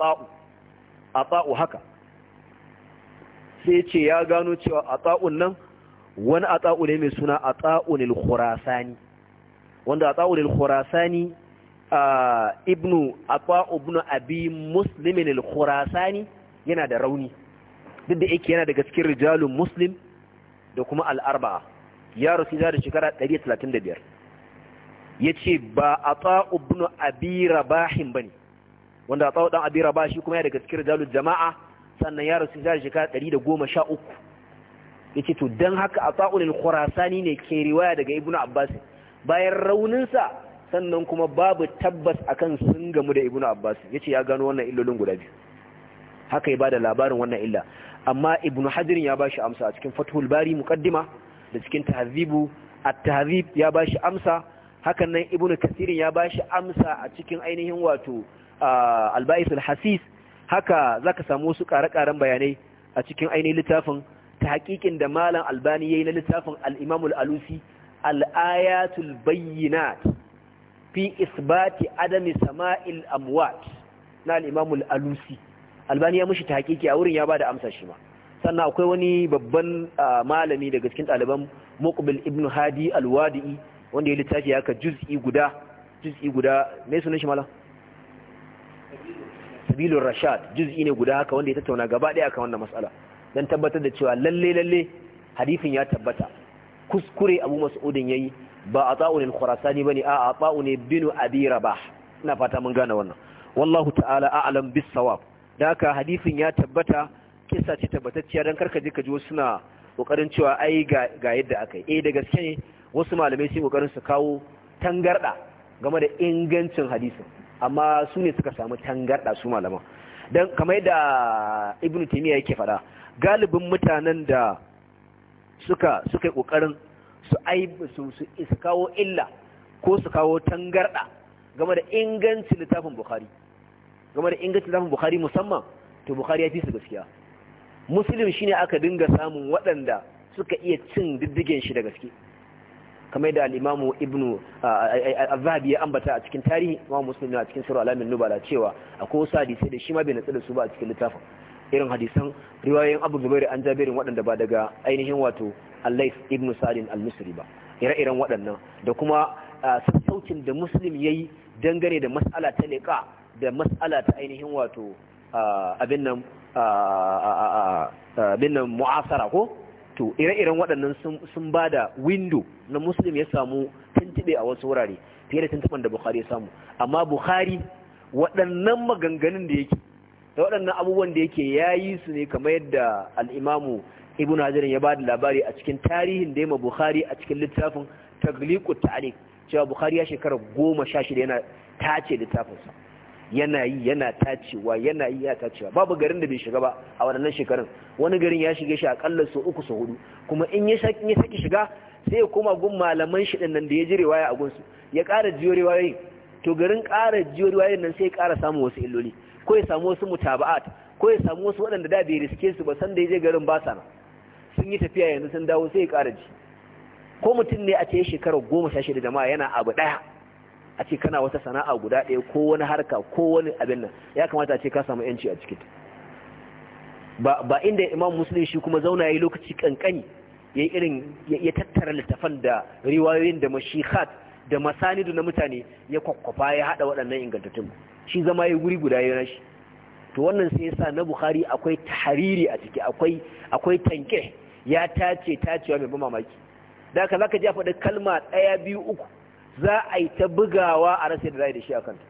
Speaker 1: tsa'u haka sai ce ya gano cewa a tsa'un nan wani a tsa'u ne mai suna a tsa'unil khurasani wanda a tsa'unil khurasani ibnu akwa ibnu abi muslimin al-khurasani yana da rauni duk da yake yana daga cikin rijalun muslim da kuma al-arba'a ya rasu da shekara 135 yace ba ata ibnu abi rabahin bane wanda ata dan abi rabah shi kuma yana daga cikin rijalul jama'a sannan ya rasu da shekara 113 yace to dan haka ata'ul khurasani ne ke riwaya daga ibnu abbas bayan rauninsa sannan kuma babu tabbas akan sun gamu da ibnu abbas ya ce ya gano wannan illolin guda biyu haka ya bada labarin wannan illa amma ibnu hadirin ya bashi amsa a cikin fathul bari muqaddima da cikin tahzibu at-tahzib ya shi amsa hakan nan ibnu kasirin ya ba shi amsa a cikin ainihin wato al hasis haka zaka samu su ƙare-ƙaren bayanai a cikin ainihin littafin tahqiqin da malam albani yayi na littafin al alusi al bayyana. fi isbati adami sama'il amwat na al-imam al-alusi albani ya mishi tahqiqi a wurin ya bada amsa shi ma sannan akwai wani babban malami daga cikin ɗaliban muqbil ibn hadi al-wadi'i wanda ya littafi haka juz'i guda juz'i guda me sunan shi mala sabilur rashad juz'i ne guda haka wanda ya tattauna gaba ɗaya akan wannan mas'ala dan tabbatar da cewa lalle lalle hadisin ya tabbata kuskure abu mas'udin yayi ba a ata'un al ba ne a a ne bin abi rabah ina fata mun gane wannan wallahu ta'ala a'lam bis-sawab da ka hadisin ya tabbata kisa ce tabbatacciya dan karka ji ka ji wasu na kokarin cewa ai ga yadda akai eh da gaske ne wasu malamai sai kokarin su kawo tangarda game da ingancin hadisin amma su ne suka samu tangarda su malaman dan kamar yadda ibnu taymiya yake faɗa galibin mutanen da suka suka yi kokarin su su su kawo illa ko su kawo tangarda game da inganci littafin bukhari game da inganci littafin bukhari musamman to bukhari ya fi su gaskiya muslim shine aka dinga samun waɗanda suka iya cin diddigen shi da gaske kamar da al-imamu ibnu az-zahabi ya ambata a cikin tarihi imamu muslim a cikin sirru alamin nubala cewa akwai wasu hadisai da shi ma bai natsu da su ba a cikin littafin irin hadisan riwayoyin abu zubairu an jabirin waɗanda ba daga ainihin wato Allah ibn Salim al-misri ba ire-iren waɗannan da kuma ah, sassaucin da muslim yayi dangane da mas'ala ta liqa da mas'ala ta ainihin wato ah, abin nan ah, abin nan mu'asara ko to ire-iren waɗannan sun ba da windo na muslim ya samu tantube a wasu wurare fiye da tantuban da bukhari ya samu amma bukhari waɗannan maganganun da yake da waɗannan abubuwan da yake yayi su ne kamar yadda al'imamu ibnu hajar ya bada labari a cikin tarihin da ya bukhari a cikin littafin tagliqu ta'liq cewa bukhari ya shekara goma sha shida yana tace littafinsa yana yi yana tacewa yana yi ya tacewa babu garin da bai shiga ba a wannan shekarun wani garin ya shige shi akalla sau uku su hudu kuma in ya saki ya saki shiga sai ya koma gun malaman shi nan da ya ji riwaya a gunsu ya ƙara jiyo riwayoyin to garin ƙara jiyo riwayoyin nan sai ya ƙara samun wasu illoli ko ya samu wasu mutaba'at ko ya samu wasu waɗanda da bai riske su ba san da ya je garin ba sa sun yi tafiya yanzu sun dawo sai ya ƙara ji ko mutum ne a ce shekara goma sha shida jama'a yana abu ɗaya a ce kana wata sana'a guda ɗaya ko wani harka ko wani abin nan ya kamata a ce ka samu yanci a cikin ba ba inda imam muslim shi kuma zauna yayi lokaci kankani ya irin ya tattara littafan da riwayoyin da mashihat da masanidu na mutane ya kwakwafa ya hada waɗannan ingantattun shi zama ya guri guda yana shi to wannan sai yasa na bukhari akwai tahariri a ciki akwai akwai tanke ya tace tacewa mai ban mamaki da haka zaka jafa da kalma ɗaya biyu uku za a yi ta bugawa a rasa da za da shi a kanta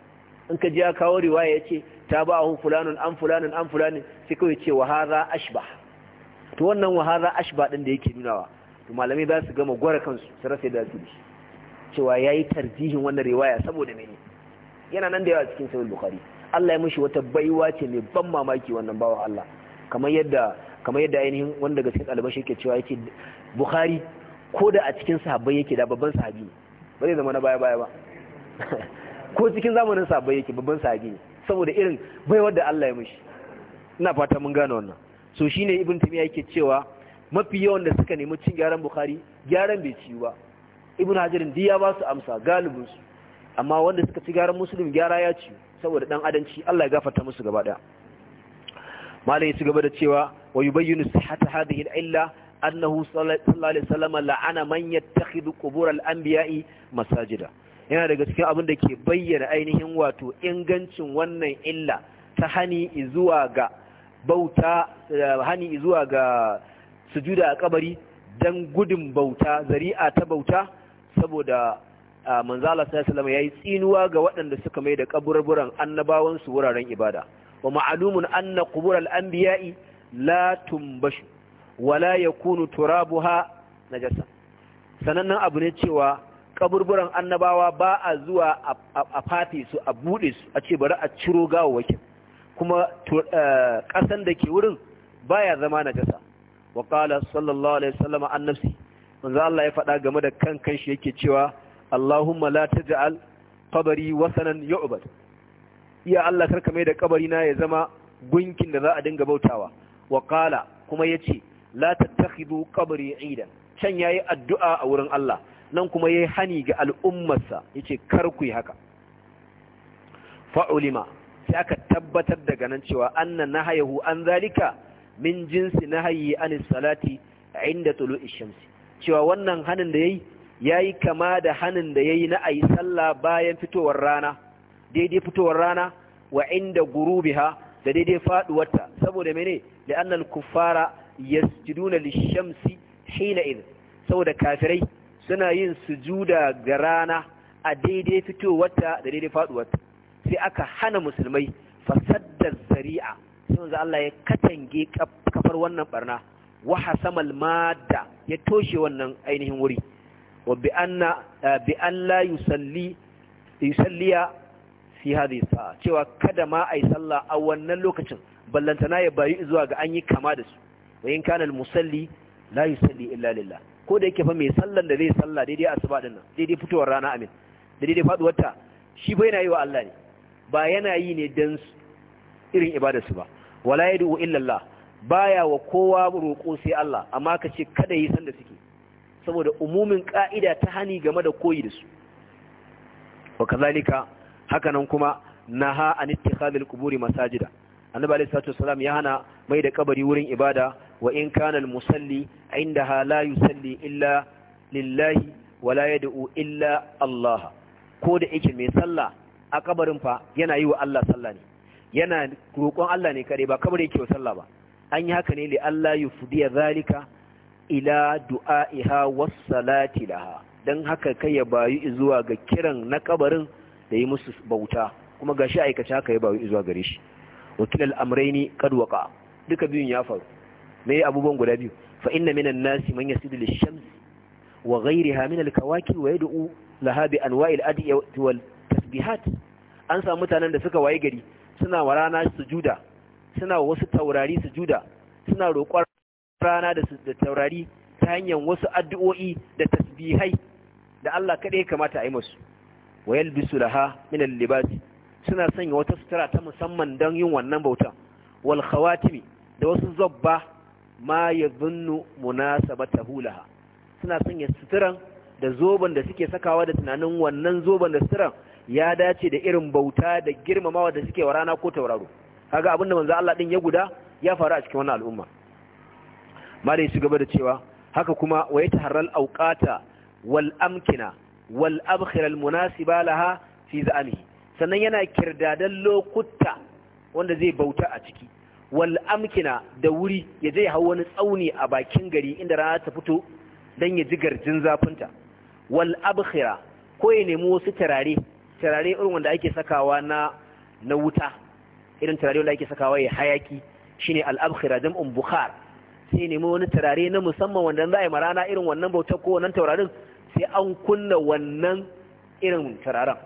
Speaker 1: in ka ji ya kawo riwaya ya ce ta ba hun fulanin an fulanin an fulanin sai kawai ce wahaza ashba to wannan wahaza ashba din da yake nunawa to malamai za su gama gwara kansu su rasa da su cewa ya yi tarjihin wannan riwaya saboda mene yana nan da yawa cikin sahih bukhari Allah ya mishi wata baiwa ce mai ban mamaki wannan bawan Allah kamar yadda kamar yadda ainihin wanda daga cikin ɗaliban shi ke cewa yake bukhari ko da a cikin sahabbai yake da babban sahabi ne ba zai zama na baya baya ba ko cikin zamanin sahabbai yake babban sahabi ne saboda irin baiwar da Allah ya mishi ina fata mun gane wannan so shine ibn tamiya yake cewa mafi yawan da suka nemi cin gyaran bukhari gyaran bai ci ba ibn hajarin duk ya ba su amsa galibin su amma wanda suka ci gyaran muslim gyara ya ci saboda dan adanci Allah ya gafarta musu gaba daya malai su gaba da cewa ويبين صحة هذه العلة أنه صلى الله عليه وسلم لعن من يتخذ قبور الأنبياء مساجدا yana daga cikin abin da ke bayyana ainihin wato ingancin wannan illa ta hani zuwa ga bauta hani zuwa ga sujuda a kabari don gudun bauta zari'a ta bauta saboda manzala sallallahu ya yi tsinuwa ga waɗanda suka mai da kaburburan annabawansu wuraren ibada wa ma'alumun anna qubural anbiya'i la tumbashu wala yakunu turabuha najasa sanannan abu ne cewa kaburburan annabawa ba a zuwa a fati su a bude su a ce bari a ciro gawawwakin kuma kasan eh, da ke wurin baya zama najasa wa qala sallallahu alaihi wasallam an nafsi manzo Allah ya faɗa game da kankan shi yake cewa Allahumma la taj'al qabri wasanan yu'bad ya Allah karka mai da kabari na ya zama gunkin da za a dinga bautawa wa kala kuma ce, la tattakhidu qabri ida can ya yi addu'a a wurin Allah nan kuma yayi hani ga al'ummarsa ya kar ku yi haka fa'ulima sai aka tabbatar daga nan cewa na hayahu an zalika min jinsi na nahayi anis salati a inda tulu'i Ishamsi. cewa wannan hannun da ya yi ya yi kama da hannun da ya yi na ayi sallah bayan fitowar rana daidai fitowar rana wa inda ha? da daidai faduwarta saboda mene da annal kuffara yasjuduna lishamsi hina idh saboda kafirai suna yin sujuda ga rana a daidai fitowarta da daidai faduwarta sai aka hana musulmai fasaddar zari'a sai wanzu Allah ya katange kafar wannan barna wa hasamal madda ya toshe wannan ainihin wuri wa bi anna eh, bi an la yusalli yusalliya fi hadhihi sa'a cewa kada ma ai sallah a wannan lokacin ballantana ya bayu zuwa ga an yi kama da su wa in kana musalli la yusalli illa lillah ko da yake fa mai sallan da zai salla daidai asuba din nan daidai fitowar rana amin da daidai faduwar ta shi bai yana yi wa Allah ne ba yana yi ne dan irin ibada su ba wala yad'u illa Allah baya wa kowa roƙo sai Allah amma ka ce kada yi sanda suke saboda umumin ka'ida ta hani game da koyi da su wa kazalika haka nan kuma ha an ittikhadil kuburi masajida annabi alayhi salatu wasalam ya hana mai da kabari wurin ibada wa in kana al-musalli indaha la yusalli illa lillahi wa la yad'u illa Allah ko da yake mai sallah a kabarin fa yana yi wa Allah sallah ne yana roƙon Allah ne kare ba kabari yake wa sallah ba an yi haka ne li Allah yufdiya zalika ila du'aiha was salati laha dan haka kai ya bayu zuwa ga kiran na kabarin da yi musu bauta kuma ga shi aikace haka ya bayu zuwa gare shi wakilal amraini kad duka biyun ya faru me abubuwan guda biyu fa inna minan nasi man yasidu lish wa ghayriha min al wa yad'u laha bi anwa'il adiyati wal tasbihat an samu mutanen da suka waye gari suna wa rana sujuda suna wasu taurari sujuda suna roƙon rana da taurari ta hanyar wasu addu'o'i da tasbihai da Allah kaɗai kamata a yi masu. wa yalbisu laha min al libas suna sanya wata sutura ta musamman don yin wannan bautan wal khawatimi da wasu zabba ma yadhunnu munasabatahu laha suna sanya suturan da zoban da suke sakawa da tunanin wannan zoban da suturan ya dace da irin bauta da girmamawa da suke wa rana ko tauraro kaga abinda manzo Allah din ya guda ya faru a cikin wannan al'umma malai shi gaba da cewa haka kuma wa taharral awqata wal amkina wal abkhir al munasiba laha fi za'amihi sannan yana kirdadan lokuta wanda zai bauta a ciki wal amkina da wuri ya je hau wani tsauni a bakin gari inda rana ta fito dan ya ji garjin zafinta wal abkhira ko ya nemi wasu tarare tarare irin wanda ake sakawa na na wuta irin tarare wanda ake sakawa ya hayaki shine al abkhira jam'un bukhar sai nemi wani tarare na musamman wanda za a yi marana irin wannan bautar ko wannan taurarin sai an kunna wannan irin turaren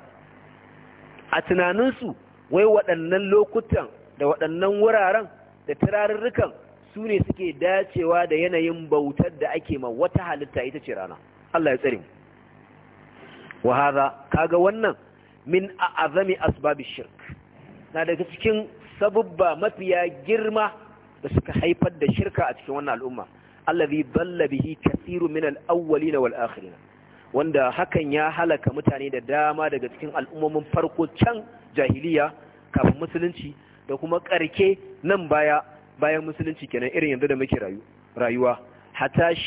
Speaker 1: a tunaninsu wai waɗannan lokutan da waɗannan wuraren da turarurrukan su ne suke dacewa da yanayin bautar da ake ma wata halitta ita ce rana Allah ya tsare mu wa kaga wannan min azami asbabish shirk na daga cikin sabubba mafiya girma da suka haifar da shirka a cikin wannan al'umma allazi balla bihi kathiru min al-awwalina wal akhirin wanda hakan ya halaka mutane da dama daga cikin al'ummomin farko can jahiliya kafin musulunci da kuma ƙarke nan baya bayan musulunci kenan irin yanzu da muke rayuwa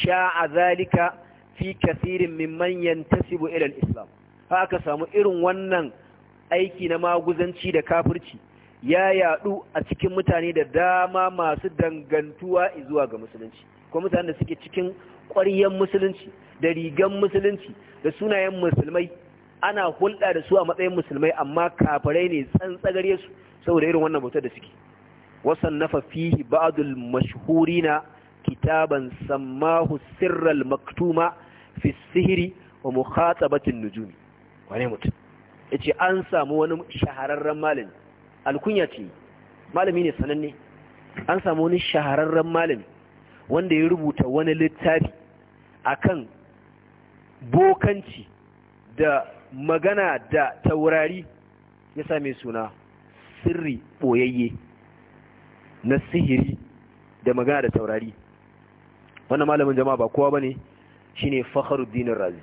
Speaker 1: sha a zalika fi kasirin min manyan tasibu al-islam haka samu irin wannan aiki na maguzanci da kafirci ya yadu a cikin mutane da dama masu dangantuwa zuwa ga musulunci kuma mutane da suke cikin ƙwaryen musulunci da rigan musulunci da sunayen musulmai ana hulɗa da su a matsayin musulmai amma kafirai ne tsantsagare su saboda irin wannan bautar da suke wasan nafa fihi ba'dul mashhurina kitaban sammahu sirral maktuma fi sihiri wa mukhatabatin nujumi wane mutum yace an samu wani shahararren malami alkunya ce malami ne sananne an samu wani shahararren malami wanda ya rubuta wani littafi akan bokanci da magana da taurari ya same suna sirri ɓoyayye na sihiri da magana da taurari wannan malamin jama'a ba kowa ba ne. bane shine Fakhruddin Razi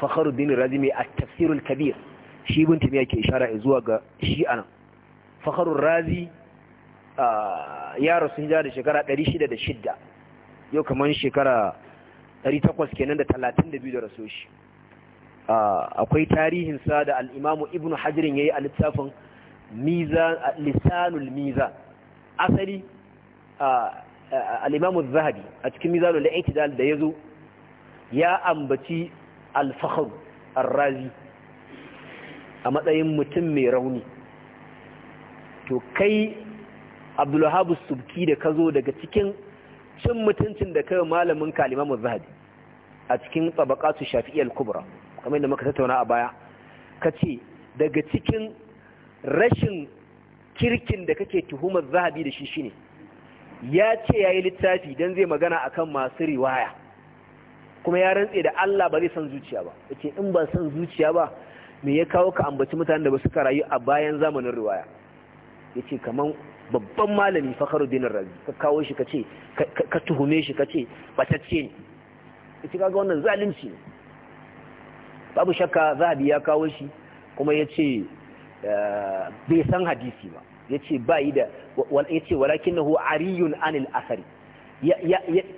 Speaker 1: Fakhruddin Razi mai a tafsirul kabir shi bin Taymiyyah ke ishara zuwa ga shi anan Fakhrur Razi ya rasu hijira da shekara 606 yau kamar shekara 800 kenan da 32 da rasu shi akwai tarihinsa da al'imamu ibn hajjirin ya yi a littafin lisanul miza asali al'imamu zahabi a cikin mizanul la'aitidal da ya zo ya ambaci alfaharu arrazi a matsayin mutum mai rauni to kai abdulwahab subki da zo daga cikin cin mutuncin da kai malamin kalimamu zahabi a cikin tabaqatu al kubra kamar yadda muka tattauna a baya kace daga cikin rashin kirkin da kake tuhumar zahabi da shi shine ya ce yayi littafi dan zai magana akan masu riwaya kuma ya rantse da Allah ba zai san zuciya ba yace in ba san zuciya ba me ya kawo ka ambaci mutanen da ba suka rayu a bayan zamanin riwaya yace kaman babban malami fakhruddin razi ka kawo shi kace ka tuhume shi kace batacce ne kace kaga wannan zalunci ne babu shakka zahabi ya kawo shi kuma yace eh, bai san hadisi ba yace yi da yace walakinahu ariyun anil asari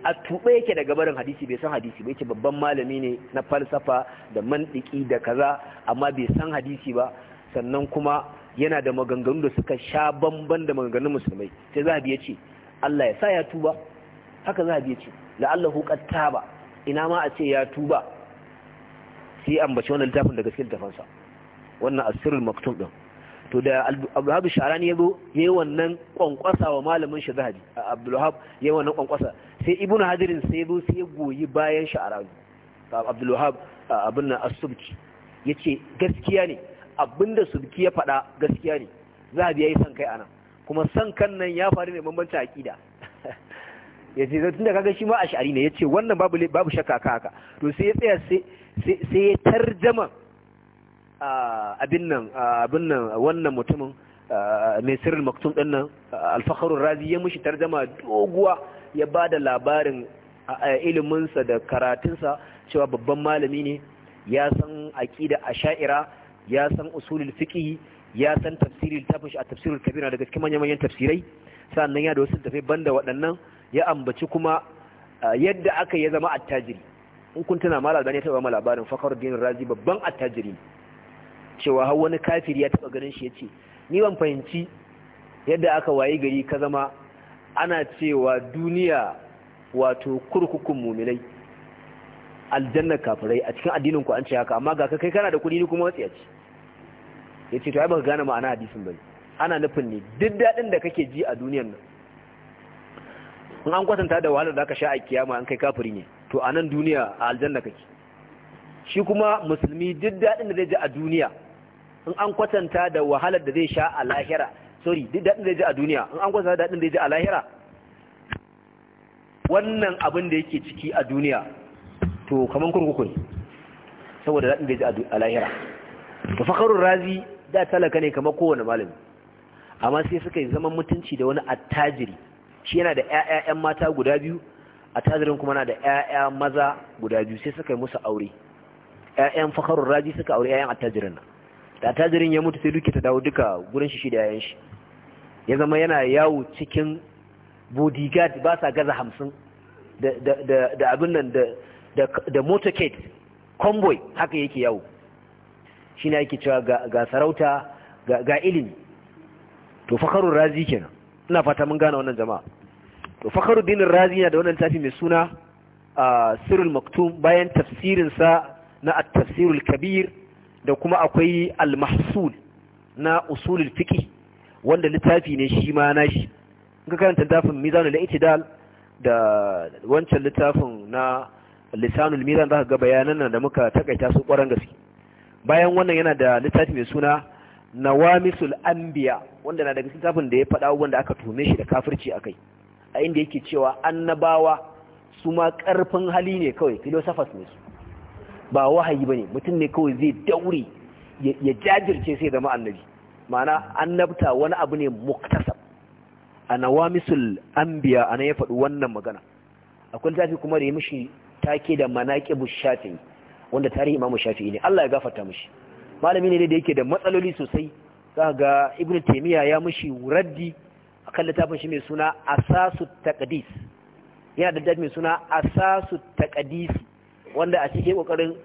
Speaker 1: a tuɓe yake daga barin hadisi bai san hadisi bai ce babban malami ne na falsafa da mandiki da kaza amma bai san hadisi ba sannan kuma yana da maganganu da suka sha bamban da maganganun musulmai sai zahabi ya ce Allah ya sa ya tuba haka zahabi ya ce la'allahu qad taba ina ma a ce ya tuba sai ambaci wannan littafin da gaskiyar tafansa wannan asirul maktum din to da abdulhab sharani yazo yayi wannan kwankwasa wa malamin shi zahabi abdulhab yayi wannan kwankwasa sai ibnu hadirin sai yazo sai ya goyi bayan sharani abdulhab abin nan as yace gaskiya ne abinda subki ya faɗa gaskiya ne za a biya yi son kai anan kuma son kan nan ya faru ne a ƙida ya ce zai tunda kaga shi ma a ash'ari ne ya ce wannan babu shakka ka haka to sai ya tsaya sai ya tarjama abin nan wannan mutumin mai sirrin maktum ɗin nan alfaharun razi ya mushi tarjama doguwa ya ba da labarin iliminsa da karatunsa cewa babban malami ne ya san a sha'ira. ya san usulul fiqh ya san tafsirin tafish a tafsirul kabira daga cikin manyan manyan tafsirai sannan ya da wasu tafai banda waɗannan ya ambaci kuma yadda aka ya zama attajiri in kun tana mala albani ya taɓa labarin fakar razi babban attajiri cewa har wani kafiri ya taba ganin shi ya ce ni ban fahimci yadda aka waye gari ka zama ana cewa duniya wato kurkukun mumilai aljanna kafirai a cikin addinin ku an ce haka amma ga kai kana da kudi ni kuma Ya ce yace to ai baka gane ma'ana hadisin bane ana nufin ne duk dadin da kake ji a duniyar nan in an kwatanta da wahalar da ka sha a kiyama an kai kafiri ne to a nan duniya a aljanna kake shi kuma musulmi duk dadin da zai ji a duniya in an kwatanta da wahalar da zai sha a lahira sorry duk dadin da zai ji a duniya in an kwatanta da dadin da zai ji a lahira wannan abin da yake ciki a duniya to kaman kurkuku ne saboda daɗin da ji a lahira da fakarun razi da talaka ne kamar kowane malami amma sai suka yi zaman mutunci da wani attajiri shi yana da 'ya'ya'yan mata guda biyu attajirin kuma na da 'ya'ya maza guda biyu sai suka yi musu aure 'ya'yan fakarun razi suka aure 'ya'yan attajirin nan da attajirin ya mutu sai duke ta dawo duka gurin shi shi da 'ya'yan shi ya zama yana yawo cikin bodyguard ba sa gaza hamsin da abin nan da da motorcade convoy haka yake yawo shi na yake cewa ga sarauta ga ilimi to fakarun razi kenan ina fata mun gane wannan jama'a to fakarun dinin razi yana da wannan tafi mai suna a sirrul maktum bayan tafsirinsa na at-tafsirul kabir da kuma akwai almasul na usulul fiqh wanda littafi ne shi ma nashi in ka karanta littafin mizanul i'tidal da wancan littafin na lisanul mizan zaka ga bayanan nan da muka takaita su kwaran gaske bayan wannan yana da littafi mai suna nawamisul anbiya wanda na daga littafin da ya faɗa wanda aka tume shi da kafirci akai a inda yake cewa annabawa su ma ƙarfin hali ne kawai philosophers ne su ba wahayi bane mutum ne kawai zai daure ya jajirce sai zama annabi ma'ana annabta wani abu ne muktasab a nawamisul anbiya ana ya faɗi wannan magana akwai littafi kuma da ya mishi take da manaqibu shafi'i wanda tarihi imamu shafi'i ne Allah ya gafarta mishi malami ne da yake da matsaloli sosai kaga ga ibnu taymiya ya mishi raddi akan littafin shi mai suna asasu taqdis yana da littafi mai suna asasu taqdis wanda a cikin kokarin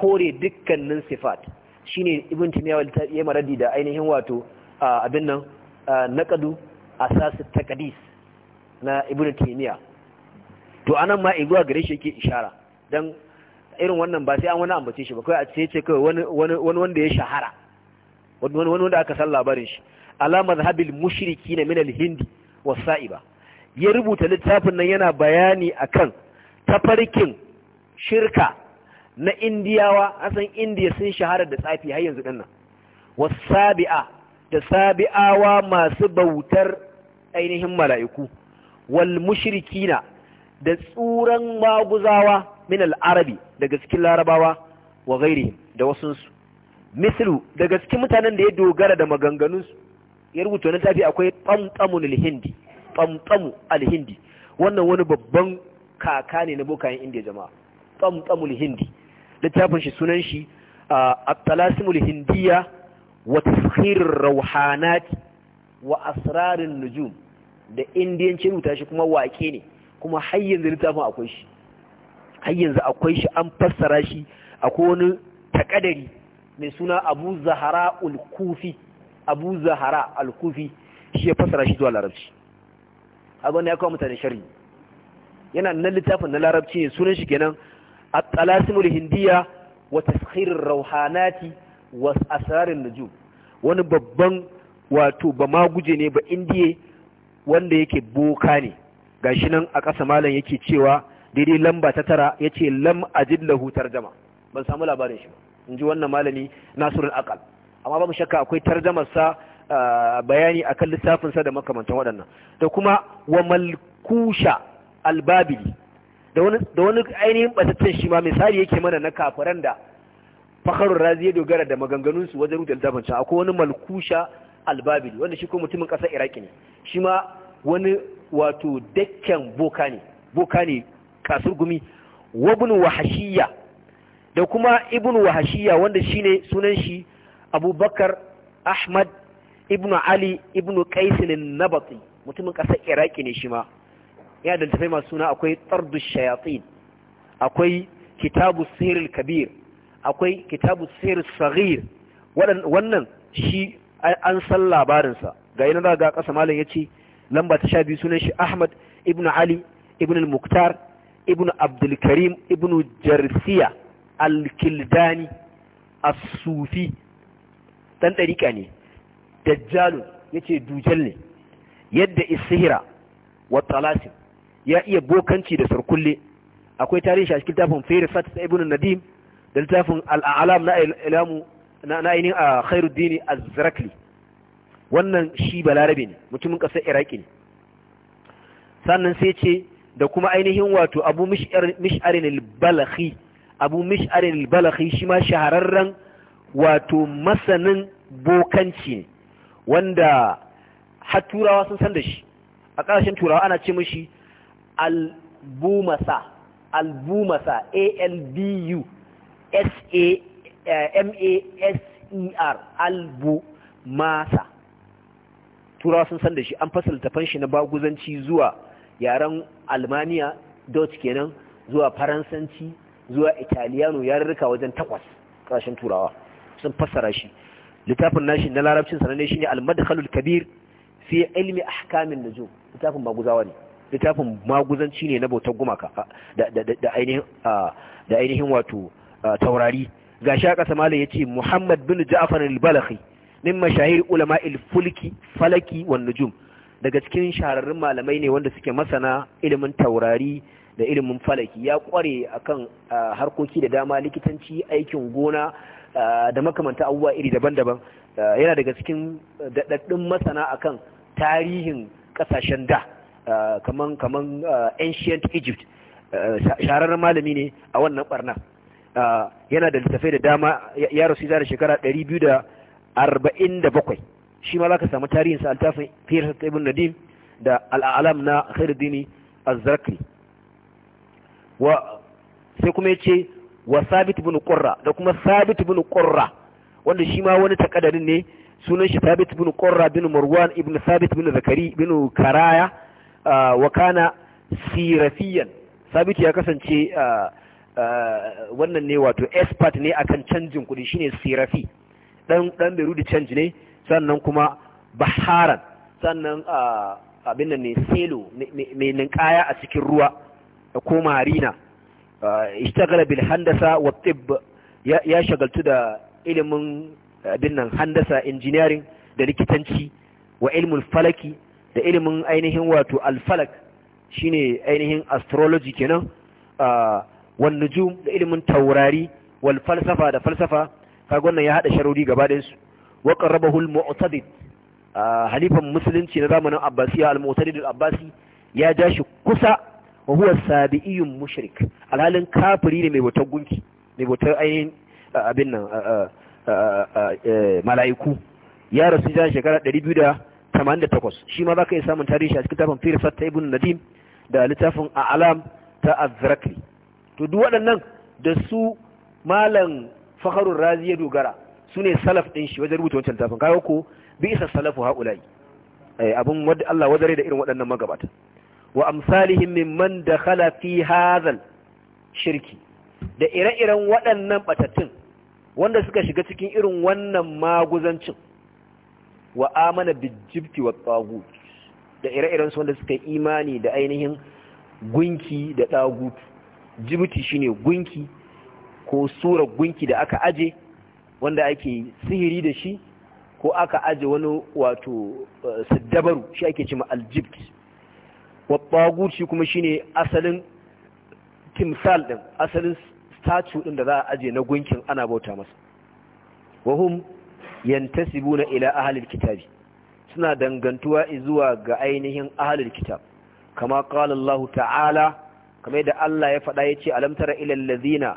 Speaker 1: kore dukkanin sifat shine ibn timiyawa ya raddi da ainihin wato abin nan naqadu asas taqdis na ibn taymiya to anan ma zuwa gare shi yake ishara dan irin wannan ba sai an wani ambace shi ba kai a ce ce kai wani wanda ya shahara wani wanda aka san labarin shi ala madhhabil mushrikin min Hindi hind was-sa'iba ya rubuta littafin nan yana bayani akan tafarkin shirka na indiyawa asan indiya sun shahara da tsafi har yanzu dinnan wa sabia da sabi'awa masu bautar ainihin mala'iku wal mushrikina da tsuran maguzawa min al-arabi daga cikin larabawa wa gairi da wasunsu mislu daga cikin mutanen da ya dogara da maganganunsu ya rubuta na tafi akwai ɓamɓamun alhindi ɓamɓamu alhindi wannan wani babban kaka ne na bokayen indiya jama'a ɓamɓamun alhindi littafin shi sunan shi a talasimul hindiya wa tafhirin rauhanat wa asrarin nujum da indiyanci rubuta shi kuma wake ne kuma har yanzu littafin akwai shi har yanzu akwai shi an fassara shi akwai wani takadari mai suna abu zahara al-kufi abu zahara al-kufi shi ya fassara shi zuwa larabci abin ya kawo mutane shari yana nan littafin na larabci ne sunan shi kenan at-talasimul hindiya wa taskhirur rauhanati wa asrarin nujum wani babban wato ba ma guje ne ba indiye wanda yake boka ne gashi nan a ƙasa malam yake cewa daidai lamba ta tara ya ce lam ajid lahu tarjama ban samu labarin shi ba in ji wannan malami nasirin akal amma babu shakka akwai tarjamar sa bayani akan littafin sa da makamantan waɗannan da kuma wa malkusha albabili da wani ainihin batattun shi ma misali yake mana na kafiran da fakarun razi ya dogara da maganganun su wajen rubuta littafin sa akwai wani malkusha albabili wanda shi ko mutumin ƙasar iraki ne shi ma wani wato dakken boka ne ne kasur gumi wabin wahashiya da kuma ibnu wahashiya wanda shine sunan shi abubakar ahmad ibn ali ibn qaisilin nabati mutumin ƙasar iraki ne shi ma ya da tafai masu suna akwai tsardu shayatin akwai kitabu sihir kabir akwai kitabu sihir sagir wannan shi an san labarinsa ga yana za ga ƙasa malam ya ce lamba ta sha biyu sunan shi ahmad ibn ali ibn al-muktar ibn abdulkarim ibn jarsiya al-kildani as-sufi dan ɗariƙa ne dajjalun ya ce dujal ne yadda isihira wa talasim ya iya bokanci da sarkulle akwai tarihi a cikin firisat ta ibn nadim da littafin al'alam na na ainihin a ah, khairuddini az-zarakli wannan shi balarabe ne mutumin ƙasar iraki ne sannan sai ce da kuma ainihin wato abu mish'arin al-balakhi abu mish'arin shi ma shahararren wato masanin bokanci ne wanda har turawa sun san da shi a ƙarshen turawa ana ce mishi albumasa albumasa albu s a eh, m a s e r albumasa turawa sun san da shi an tafan shi na baguzanci zuwa yaren almaniya dutch kenan zuwa faransanci zuwa italiano rika wajen takwas ƙarshen turawa sun fassara shi littafin nashi na larabcin sananne shi ne madkhalul kabir fi ilmi ahkamin nujum littafin maguzawa ne littafin maguzanci ne na bautar gumaka da ainihin wato taurari gashi a ƙasa ya yace Muhammad bin Ja'far al min mashahir ulama fulki falaki wa nujum daga cikin shahararrun malamai ne wanda suke masana ilimin taurari da ilimin falaki ya kware akan harkoki da dama likitanci aikin gona da makamanta abubuwa iri daban-daban yana daga cikin daɗaɗɗun masana akan tarihin ƙasashen da kaman kaman ancient egypt shahararren malami ne a wannan barna yana da littafai da dama ya rasu da shekara 200 arba'in da bakwai shi ma za ka samu tarihin sa altafin fiyar sa ibn nadim da al'alam na khairuddini az wa sai kuma ya ce wa sabit bin qurra da kuma sabit bin qurra wanda shi ma wani takaddarin ne sunan shi sabit bin qurra bin marwan ibn sabit bin zakari bin karaya wa kana sirafiyan sabit ya kasance wannan ne wato expert ne akan canjin kuɗi shine sirafi dan dan Beirut change ne sannan kuma Baharan sannan abin nan ne selo mai ninkaya a cikin ruwa ko marina ishtagala bil handasa wa tibb ya shagaltu da ilimin abin nan handasa engineering da likitanci wa ilmul falaki da ilimin ainihin wato alfalak shine ainihin astrology kenan wan nujum da ilimin taurari wal falsafa da falsafa kaga wannan ya hada sharori gaba da su wa qarrabahu al-mu'tadid halifan musulunci na zamanin abbasiya al-mu'tadid al-abbasi ya ja shi kusa wa huwa sabi'iyyun mushrik alhalin kafiri ne mai bautar gunki mai bautar ainihin abin nan mala'iku ya rasu jan shekara 288 shi ma za ka iya samun tarihi a cikin tafin firsat ta ibn nadim da littafin a'lam ta azrakli to duk waɗannan da su malam fakharur razi ya dogara ne salaf ɗin shi wajen rubuta wancan tafin kayo ko bi isa salafu haƙulai eh, Abin wadda Allah wadare da irin waɗannan magabata wa amsalihim mimman da fi hazal shirki da ire-iren waɗannan batattun wanda suka shiga cikin irin wannan maguzancin wa amana bijibti wa da ire-iren su wanda suka imani da ainihin gunki da tsagu. jibti shine gunki ko surar gunki da aka aje wanda ake sihiri da shi ko aka aje wani wato eh, siddabaru shi ake cima aljibt wattagut shi kuma shine asalin timsal din asalin statue din da za a aje na gunkin ana bauta masa wahum yantasibuna ila ahlil kitabi suna dangantuwa zuwa ga ainihin ahlil kitab kama qala Allah ta'ala kamar da Allah ya faɗa yace alam tara ilal ladina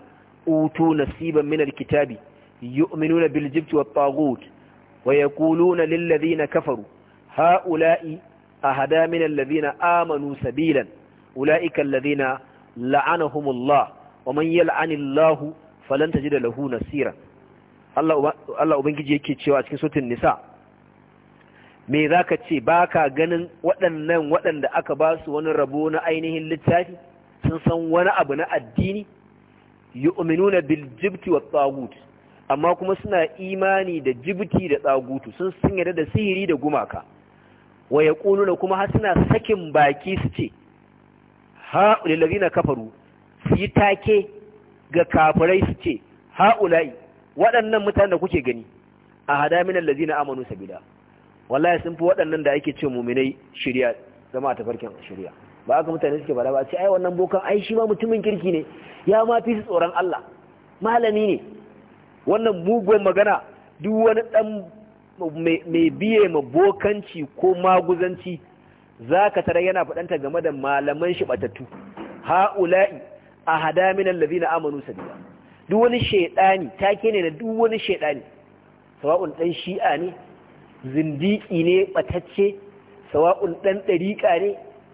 Speaker 1: utu nasiban min kitabi yu'minuna bil jibti wat taghut wa yaquluna lil ladhina kafaru haula'i ahada min alladhina amanu sabilan ulaika alladhina la'anahumullah wa man yal'anillahu falan tajida lahu nasira Allah ubangiji yake cewa cikin suratul nisa me za ka ce ba ka ganin waɗannan waɗanda aka ba su wani rabo na ainihin littafi sun san wani abu na addini yu'minuna bil jibti wat tagut amma kuma suna imani da jibti da tsagutu. sun sun yarda da sihiri da gumaka wa yaquluna kuma har suna sakin baki su ce ulil ladina kafaru su yi take ga kafirai su ce ulai waɗannan mutanen da kuke gani a hada min allazina amanu sabila wallahi sun fi waɗannan da ake ce mu'minai shirya zama a tafarkin shirya ba haka mutane suke bada ba ce ai wannan bokan ai shi ma mutumin kirki ne ya ma fi su tsoron Allah malami ne wannan mugun magana duk wani dan mai biye ma bokanci ko maguzanci ka tara yana fadanta game da malaman shi batattu haula'i ahada min allazina amanu sabila duk wani shedani take ne da duk wani shedani sawa'un dan shi'a ne zindiki ne batacce sawa'un dan dariqa ne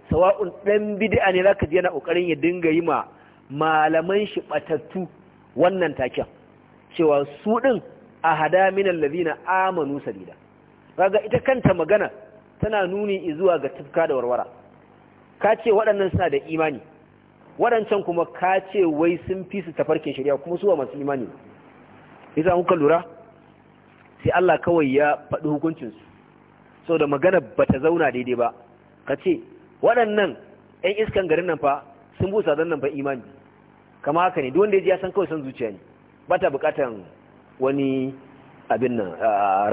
Speaker 1: sawa'un ɗan bid'a ne zaka je yana ƙoƙarin ya dinga yi ma malaman shi batattu wannan taken cewa su din hada min allazina amanu sabila kaga ita kanta magana tana nuni zuwa ga tufka da warwara ka ce waɗannan suna da imani waɗancan kuma ka ce wai sun fi su tafarkin shari'a kuma su ba masu imani isa kuka lura sai Allah kawai ya faɗi hukuncinsu sau da magana bata ta zauna daidai ba ka ce waɗannan 'yan iskan garin nan fa sun busa don nan fa imani kama haka ne duwanda ya ji ya san kawai san zuciya ne ba ta buƙatan wani abin nan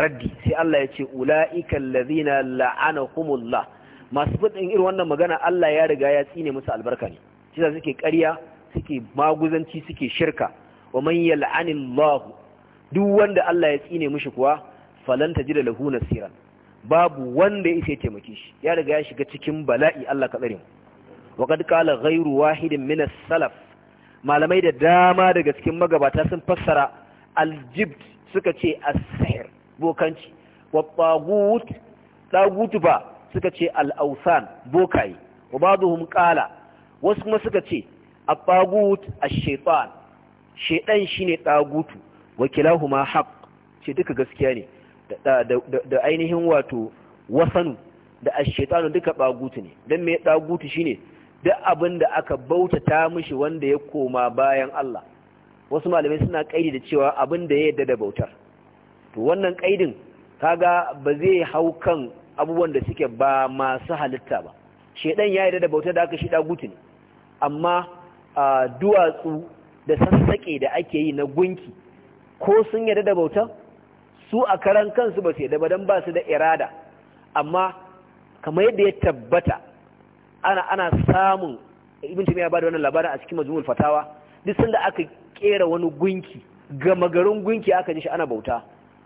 Speaker 1: raddi sai Allah ya ce ula'ikan la'ana la'anakumullah masu fadin irin wannan magana Allah ya riga ya tsine musu albarka ne shi da suke karya, suke maguzanci suke shirka wa man yal'anillahu duk wanda Allah ya tsine mishi kuwa ji da lahu nasiran babu wanda ya isa ya taimake shi ya riga ya shiga cikin bala'i Allah ka tsare mu wa kad qala ghayru wahidin min as-salaf malamai da dama daga cikin magabata sun fassara aljibt suka ce as-sihr bokanci wa tagut tagut ba suka ce al-awsan bokai wa ba'dhum qala wasu kuma suka ce at-tagut ash-shaytan shaytan shine tagutu wa kilahuma haqq ce duka gaskiya ne da ainihin wato wasanu da ashetanu duka bagutu ne don mai shi shine duk abin da aka bautata mishi wanda ya koma bayan Allah wasu malamai suna kaidi da cewa abin da ya yadda da bautar to wannan kaidin kaga ba zai hau kan abubuwan da suke ba masu halitta ba shedan ya yadda da bautar da aka shi ɗagutu ne amma duwatsu da sassaƙe da ake yi na gunki ko sun yadda da bautar su a karan kansu ba su yadda ba don ba su da irada amma kamar yadda ya tabbata ana ana samun ibn tumiya ba da wannan labarin a cikin mazmul fatawa duk sanda aka kera wani gunki gama garin gunki aka ji shi ana bauta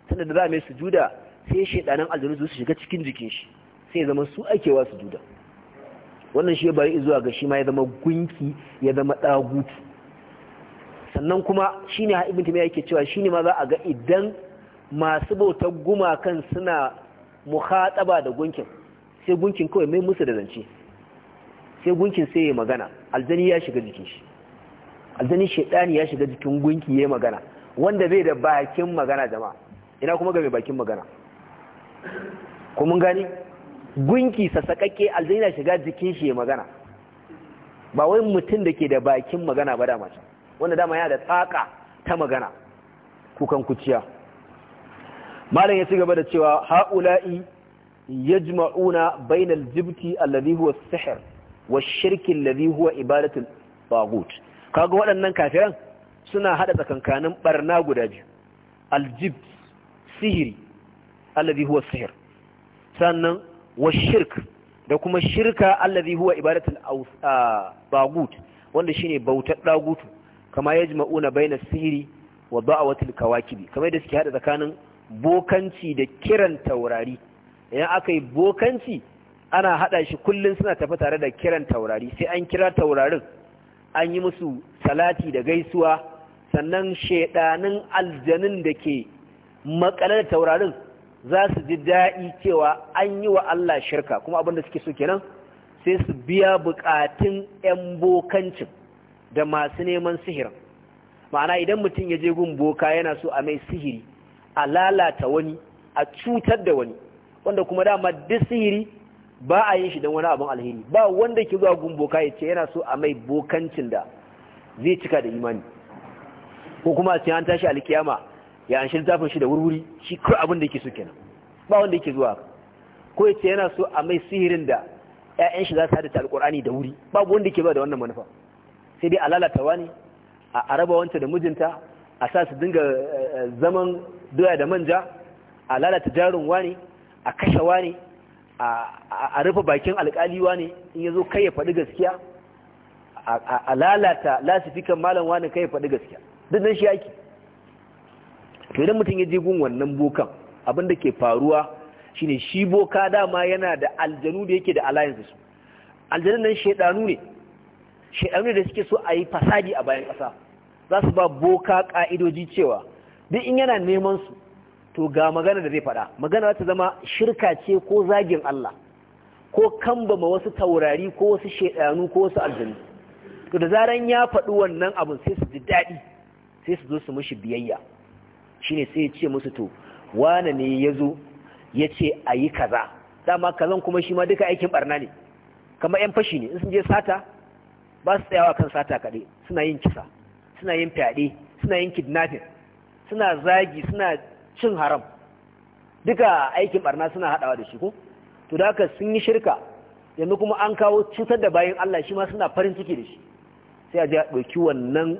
Speaker 1: sanda da za mai sujuda sai shedanan aljanu su shiga cikin jikin shi sai zama su akewa sujuda wannan shi ya bari zuwa ga shi ma ya zama gunki ya zama dagutu sannan kuma shine ibn tumiya yake cewa shine ma za a ga idan masu bautar gumakan suna muhataba da gunkin sai gunkin kawai mai musu da zance sai gunkin sai ya magana aljani ya shiga jikin shi aljani shaidani ya shiga jikin gunki ya magana wanda bai da bakin magana jama'a ina kuma ga mai bakin magana Kuma mun gani gunki sassaƙaƙe aljani na shiga jikin shi ya magana ba wai mutum da ke da bakin magana ba dama wanda dama yana da tsaka ta magana kukan kuciya malam ya ci gaba da cewa ha'ula'i yajma'una bainal jibti alladhi huwa sihr wa shirki alladhi huwa ibadatu taghut kaga waɗannan kafiran suna hada tsakankanin barna guda biyu aljibt sihiri alladhi huwa sihir sannan wa shirk da kuma shirka alladhi huwa ibadatu taghut wanda shine bautar ɗagutu kama yajma'una bainas sihiri wa da'awatil kawakibi kamar da suke hada tsakanin bokanci da kiran taurari idan aka yi bokanci ana haɗa shi kullum suna tafi tare da kiran taurari sai an kira taurarin an yi musu salati da gaisuwa sannan shaidanin aljanin da ke da taurarin za su ji daɗi cewa an yi wa Allah shirka kuma abin da suke so kenan sai su biya bukatun 'yan bokancin da masu neman sihirin ma'ana idan mutum ya je gun boka yana so a mai sihiri a lalata wani a cutar da wani wanda kuma dama duk sihiri ba a yin shi don wani abin alheri ba wanda ke zuwa gun boka ya ce yana so a mai bokancin da zai cika da imani ko kuma a an tashi alkiyama ya an zafin shi da wurwuri shi kar abin da yake so kenan ba wanda yake zuwa ko ya ce yana so a mai sihirin da 'ya'yan shi za su hada ta alƙur'ani da wuri babu wanda yake ba da wannan manufa sai dai a lalata wani a araba wanta da mijinta a sa su dinga eh, eh, zaman doya da manja a lalata jarin wani a kashe wani a rufe bakin alkali wani in ya zo kai ya faɗi gaskiya a lalata lasifikan malam wani kai ya faɗi gaskiya duk nan shi ake to idan mutum ya je gun wannan bokan abin da ke faruwa shine shi boka dama yana da aljanu da yake da alliance su aljanun nan shedanu ne shedanu da suke so a yi fasadi a bayan kasa. za su ba boka ƙa'idoji cewa duk in yana neman su to ga magana da zai faɗa magana ta zama shirka ce ko zagin Allah ko kambama wasu taurari ko wasu shaidanu ko wasu aljanu to da zaran ya faɗi wannan abin sai su ji daɗi sai su zo su mushi biyayya shine sai ya ce musu to wane ne ya zo ya ce a yi kaza dama kazan kuma shi ma duka aikin barna ne kamar yan fashi ne in sun je sata ba su tsayawa kan sata kaɗai suna yin kisa suna yin fyaɗe suna yin kidnapping suna zagi suna cin haram duka aikin barna suna haɗawa da shi ko to da sun yi shirka yanzu kuma an kawo cutar da bayan Allah shi ma suna farin ciki da shi sai a ji a ɗauki wannan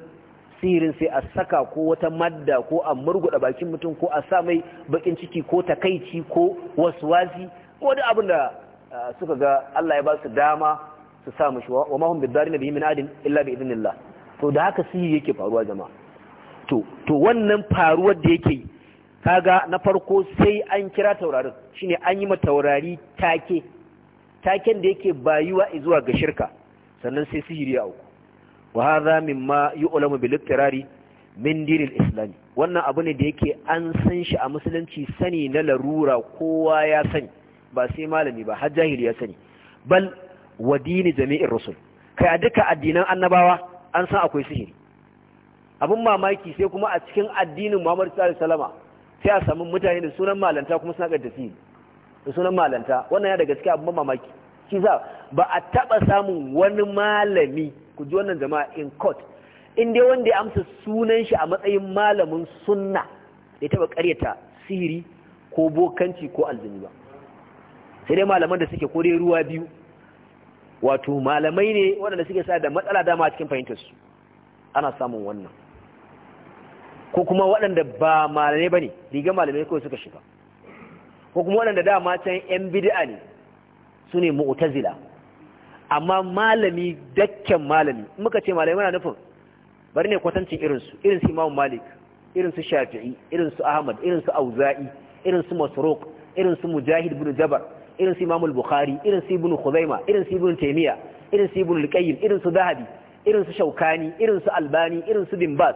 Speaker 1: sihirin sai a saka ko wata madda ko a murguɗa bakin mutum ko a sa mai bakin ciki ko takaici ko waswasi ko wani abin da suka ga Allah ya ba dama su sa mushi wa mahum bidarin bihi min adin illa bi idnillah to da haka sihiri yake faruwa jama'a to wannan faruwar da yake kaga na farko sai an kira taurarin shine an yi ma taurari take taken da yake bayuwa zuwa ga shirka sannan sai sihiri ya auku wa hadha mimma yu'lamu bil ittirari min dinil islam wannan abu ne da yake an san shi a musulunci sani na larura kowa ya sani ba sai malami ba har jahili ya sani bal wa dini jami'ir rusul kai a duka addinan annabawa an san akwai sihiri abin mamaki sai kuma a cikin addinin muhammadu sallallahu sai a samu mutane da sunan malanta kuma suna ga sihiri da sunan malanta wannan ya daga cikin abin mamaki shi za ba a taɓa samun wani malami ku ji wannan jama'a in court in dai wanda ya amsa sunan shi a matsayin malamin sunna ya taba ƙaryata sihiri ko bokanci ko aljini ba sai dai malaman da suke ko dai ruwa biyu wato malamai ne waɗanda suke sa da matsala dama a cikin fahimtarsu ana samun wannan ko kuma waɗanda ba malamai ba ne riga malamai kawai suka shiga ko kuma waɗanda dama can 'yan bidi'a ne su ne mu'tazila amma malami dakken malami muka ce malamai muna nufin bari ne kwatancin irinsu irinsu imam malik irinsu shafi'i irinsu ahmad irinsu auza'i irinsu masruq irinsu mujahid bin jabar irin su Imam al-Bukhari irin su Ibn Khuzaimah irin su Ibn Taymiyyah irin su Ibn al-Qayyim irin su Zahabi irin su Shawkani irin su Albani irin su Bin Baz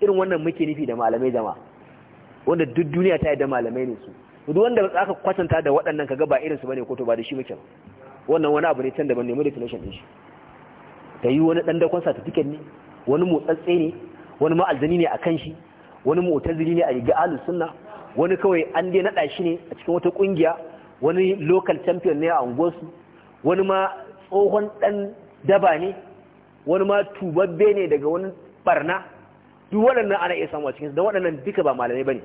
Speaker 1: irin wannan muke nufi da malamai jama'a wanda duk duniya ta yi da malamai ne su duk wanda aka kwatanta da waɗannan kaga ba irin su bane ko to ba da shi muke wannan wani abu ne can daban ne mu definition din shi ta yi wani dan dakon certificate ne wani motsatse ne wani ma aljani ne akan shi wani mu'tazili ne a riga al sunna wani kawai an dai nada shi ne a cikin wata kungiya wani local champion ne a unguwarsu wani ma tsohon dan daba ne wani ma tubabbe ne daga wani barna duk waɗannan ana iya samu a cikinsu don waɗannan duka ba malamai ba ne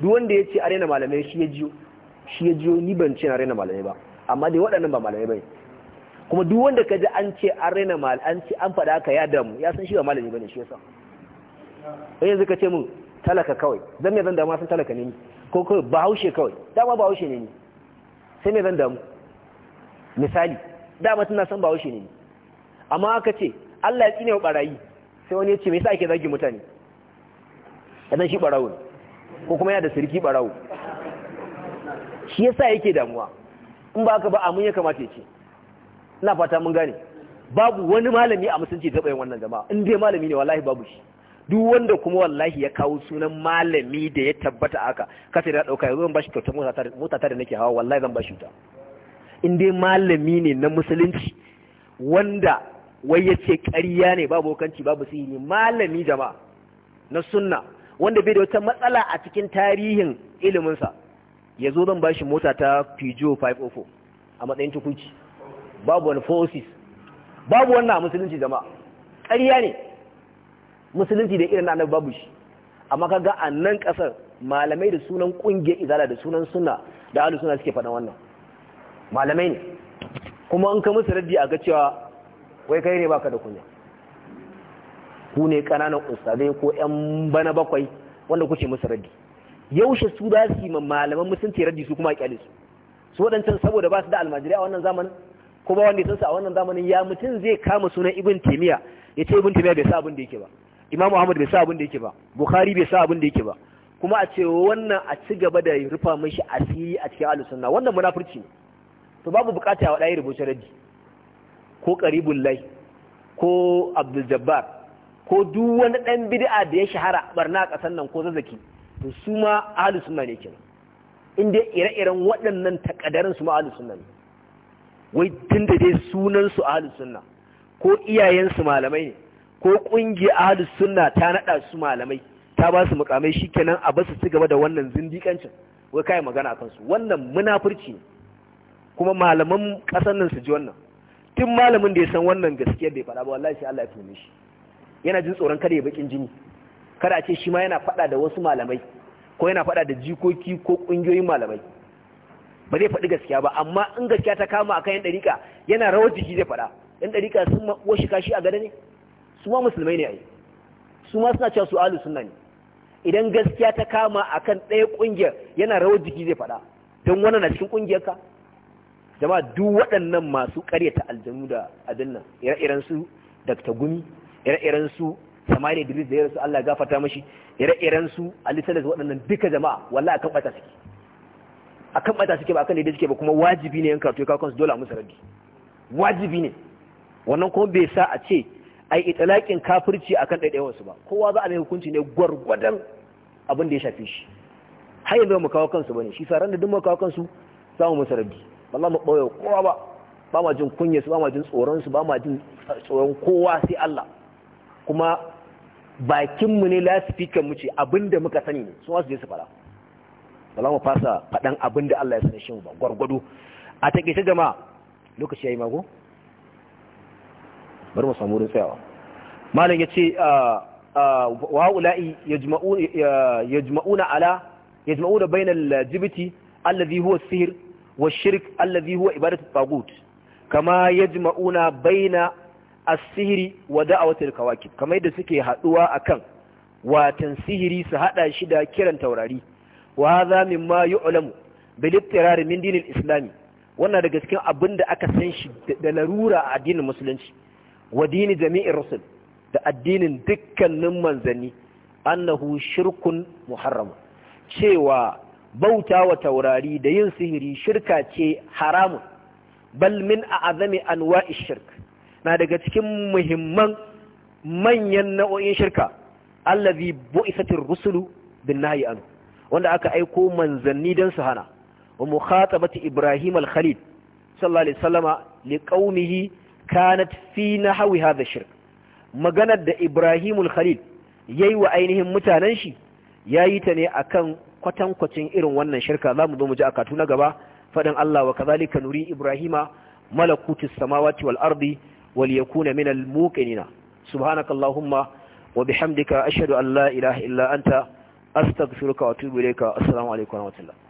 Speaker 1: duk wanda ya ce arena malamai shi ya jiyo shi ya jiyo ni ban ce na malamai ba amma dai waɗannan ba malamai ba ne kuma duk wanda ka ji an ce arena raina mal an ce an faɗa ka ya damu ya san shi ba malami ne shi yasa sai yanzu ka ce mun talaka kawai Zan me zan dama sun talaka ne ni ko kawai bahaushe kawai dama bahaushe ne ni sai mai zan damu misali dama tana san ba washe ne amma aka ce Allah ya tsine wa barayi sai wani ya ce me yasa ake zagi mutane idan shi barawo ko kuma yana da sirki barawo shi ya sa yake damuwa in ba ka ba amun ya kamata ya ce ina fata mun gane babu wani malami a musulci ta bayan wannan jama'a in dai malami ne wallahi babu shi duk wanda kuma wallahi ya kawo sunan malami da ya tabbata aka kasa da ɗauka yanzu zan bashi kyautar mota ta da nake hawa wallahi zan bashi ta in dai malami ne na musulunci wanda wai ya ce ƙarya ne babu kanci babu sihiri malami jama'a na sunna wanda bai da wata matsala a cikin tarihin iliminsa ya zo zan bashi mota ta pijo 504 a matsayin tukunci babu wani forces oh babu wannan a musulunci jama'a ƙarya ne musulunci da irin annabi babu shi amma kaga a nan kasar malamai da sunan kungiyar izala da sunan suna da ahlus suna suke faɗan wannan malamai ne kuma an ka musu raddi a ga cewa wai kai ne baka da kunya ku ne kananan ustazai ko yan bana bakwai wanda kuke musu raddi yaushe su da su ma malaman musulunci raddi su kuma a kyale su su waɗancan saboda ba su da almajirai a wannan zamanin ko ba wanda ya san su a wannan zamanin ya mutum zai kama sunan ibn taymiya ya ce ibn taymiya bai sa abin da yake ba Imam ahmad bai sa abin da yake ba bukhari bai sa abin da yake ba kuma a ce wannan a ci gaba da rufa mishi asiri a cikin ahlus sunna wannan munafurci ne to babu bukata ya yi rubuce raddi ko qaribul lai ko abdul jabbar ko duk wani dan bid'a da ya shahara barna a kasan nan ko zazzaki to su ma ahlus sunna ne kenan in ire-iren waɗannan takadarin su ma ahlus sunna ne wai tunda dai sunan su ahlus sunna ko iyayen su malamai ne ko ƙungiyar ahlus sunna ta naɗa su malamai ta ba su mukamai shikenan a basu su gaba da wannan zindikancin wai kai magana akan su wannan munafurci ne kuma malaman ƙasar nan su ji wannan tun malamin da ya san wannan gaskiyar bai faɗa ba wallahi sai Allah ya tone shi yana jin tsoron kada ya bakin jini kada a ce shi ma yana faɗa da wasu malamai ko yana faɗa da jikoki ko ƙungiyoyin malamai ba zai faɗi gaskiya ba amma in gaskiya ta kama akan yan ɗariƙa yana rawar jiki zai faɗa yan ɗariƙa sun washe kashi a gada ne su ma musulmai ne ai su ma suna cewa su ahlus sunna ne idan gaskiya ta kama akan ɗaya ƙungiyar yana rawar jiki zai faɗa don wannan na cikin ƙungiyar ka jama'a duk waɗannan masu ƙaryata aljanu da abin nan ire-iren su Dr. Gumi ire-iren su Samari Idris da ya rasu Allah gafarta mashi ire-iren su Ali Salas waɗannan duka jama'a wallahi akan bata suke akan bata suke ba akan da suke ba kuma wajibi ne yanka to ka kansu dole a musu raddi wajibi ne wannan kuma bai sa a ce ai italakin kafirci akan ɗaiɗaiwarsu ba kowa za a mai hukunci ne gwargwadon abin da ya shafi shi har yanzu mu kawo kansu ne shi saran da duk mu kawo kansu za mu musu rabbi wallahi mu ɓoye kowa ba ba ma jin kunya su ba ma jin tsoron su ba ma jin tsoron kowa sai Allah kuma bakin mu ne lasifikan mu ce abinda muka sani ne su wasu je su fara wallahi mu fasa faɗan abinda Allah ya sani shi mu ba gwargwado a take shi jama'a lokaci yayi mago bar mu samu malam ya ce wa ula'i ya jima'u na ala ya jima'u da bainal jibiti allazi huwa sihir wa shirk allazi huwa ibadatu tagut kama ya jima'u na baina asihiri a da'awatul kawakib kama yadda suke haɗuwa akan watan sihiri su haɗa shi da kiran taurari wa hadha mimma yu'lamu bil min dinil islami wannan daga cikin abin da aka san shi da larura a addinin musulunci wa dini jami'ir rusul da addinin dukkanin manzanni annahu shirkun muharram cewa bauta wa taurari da yin sihiri shirka ce haramun bal min a'azami anwa'i shirk na daga cikin muhimman manyan nau'o'in shirka allazi bu'isatir rusulu bin nahyi wanda aka aiko manzanni dan su hana wa mukhatabati ibrahim al khalid sallallahu alaihi wasallama liqaumihi kanat fi nahwi da shirk maganar da Ibrahimul Khalil yayi wa ainihin mutanen shi yayi ta ne a kan kwatankwacin irin wannan shirka zamu zo mu ji akatu na gaba faɗin Allah wa kadhalika nuri Ibrahima malakutus samawati wal ardi wal yakuna minal muqinina subhanakallahumma wa bihamdika ashhadu an la ilaha illa anta astaghfiruka wa atubu ilayka assalamu alaikum wa rahmatullah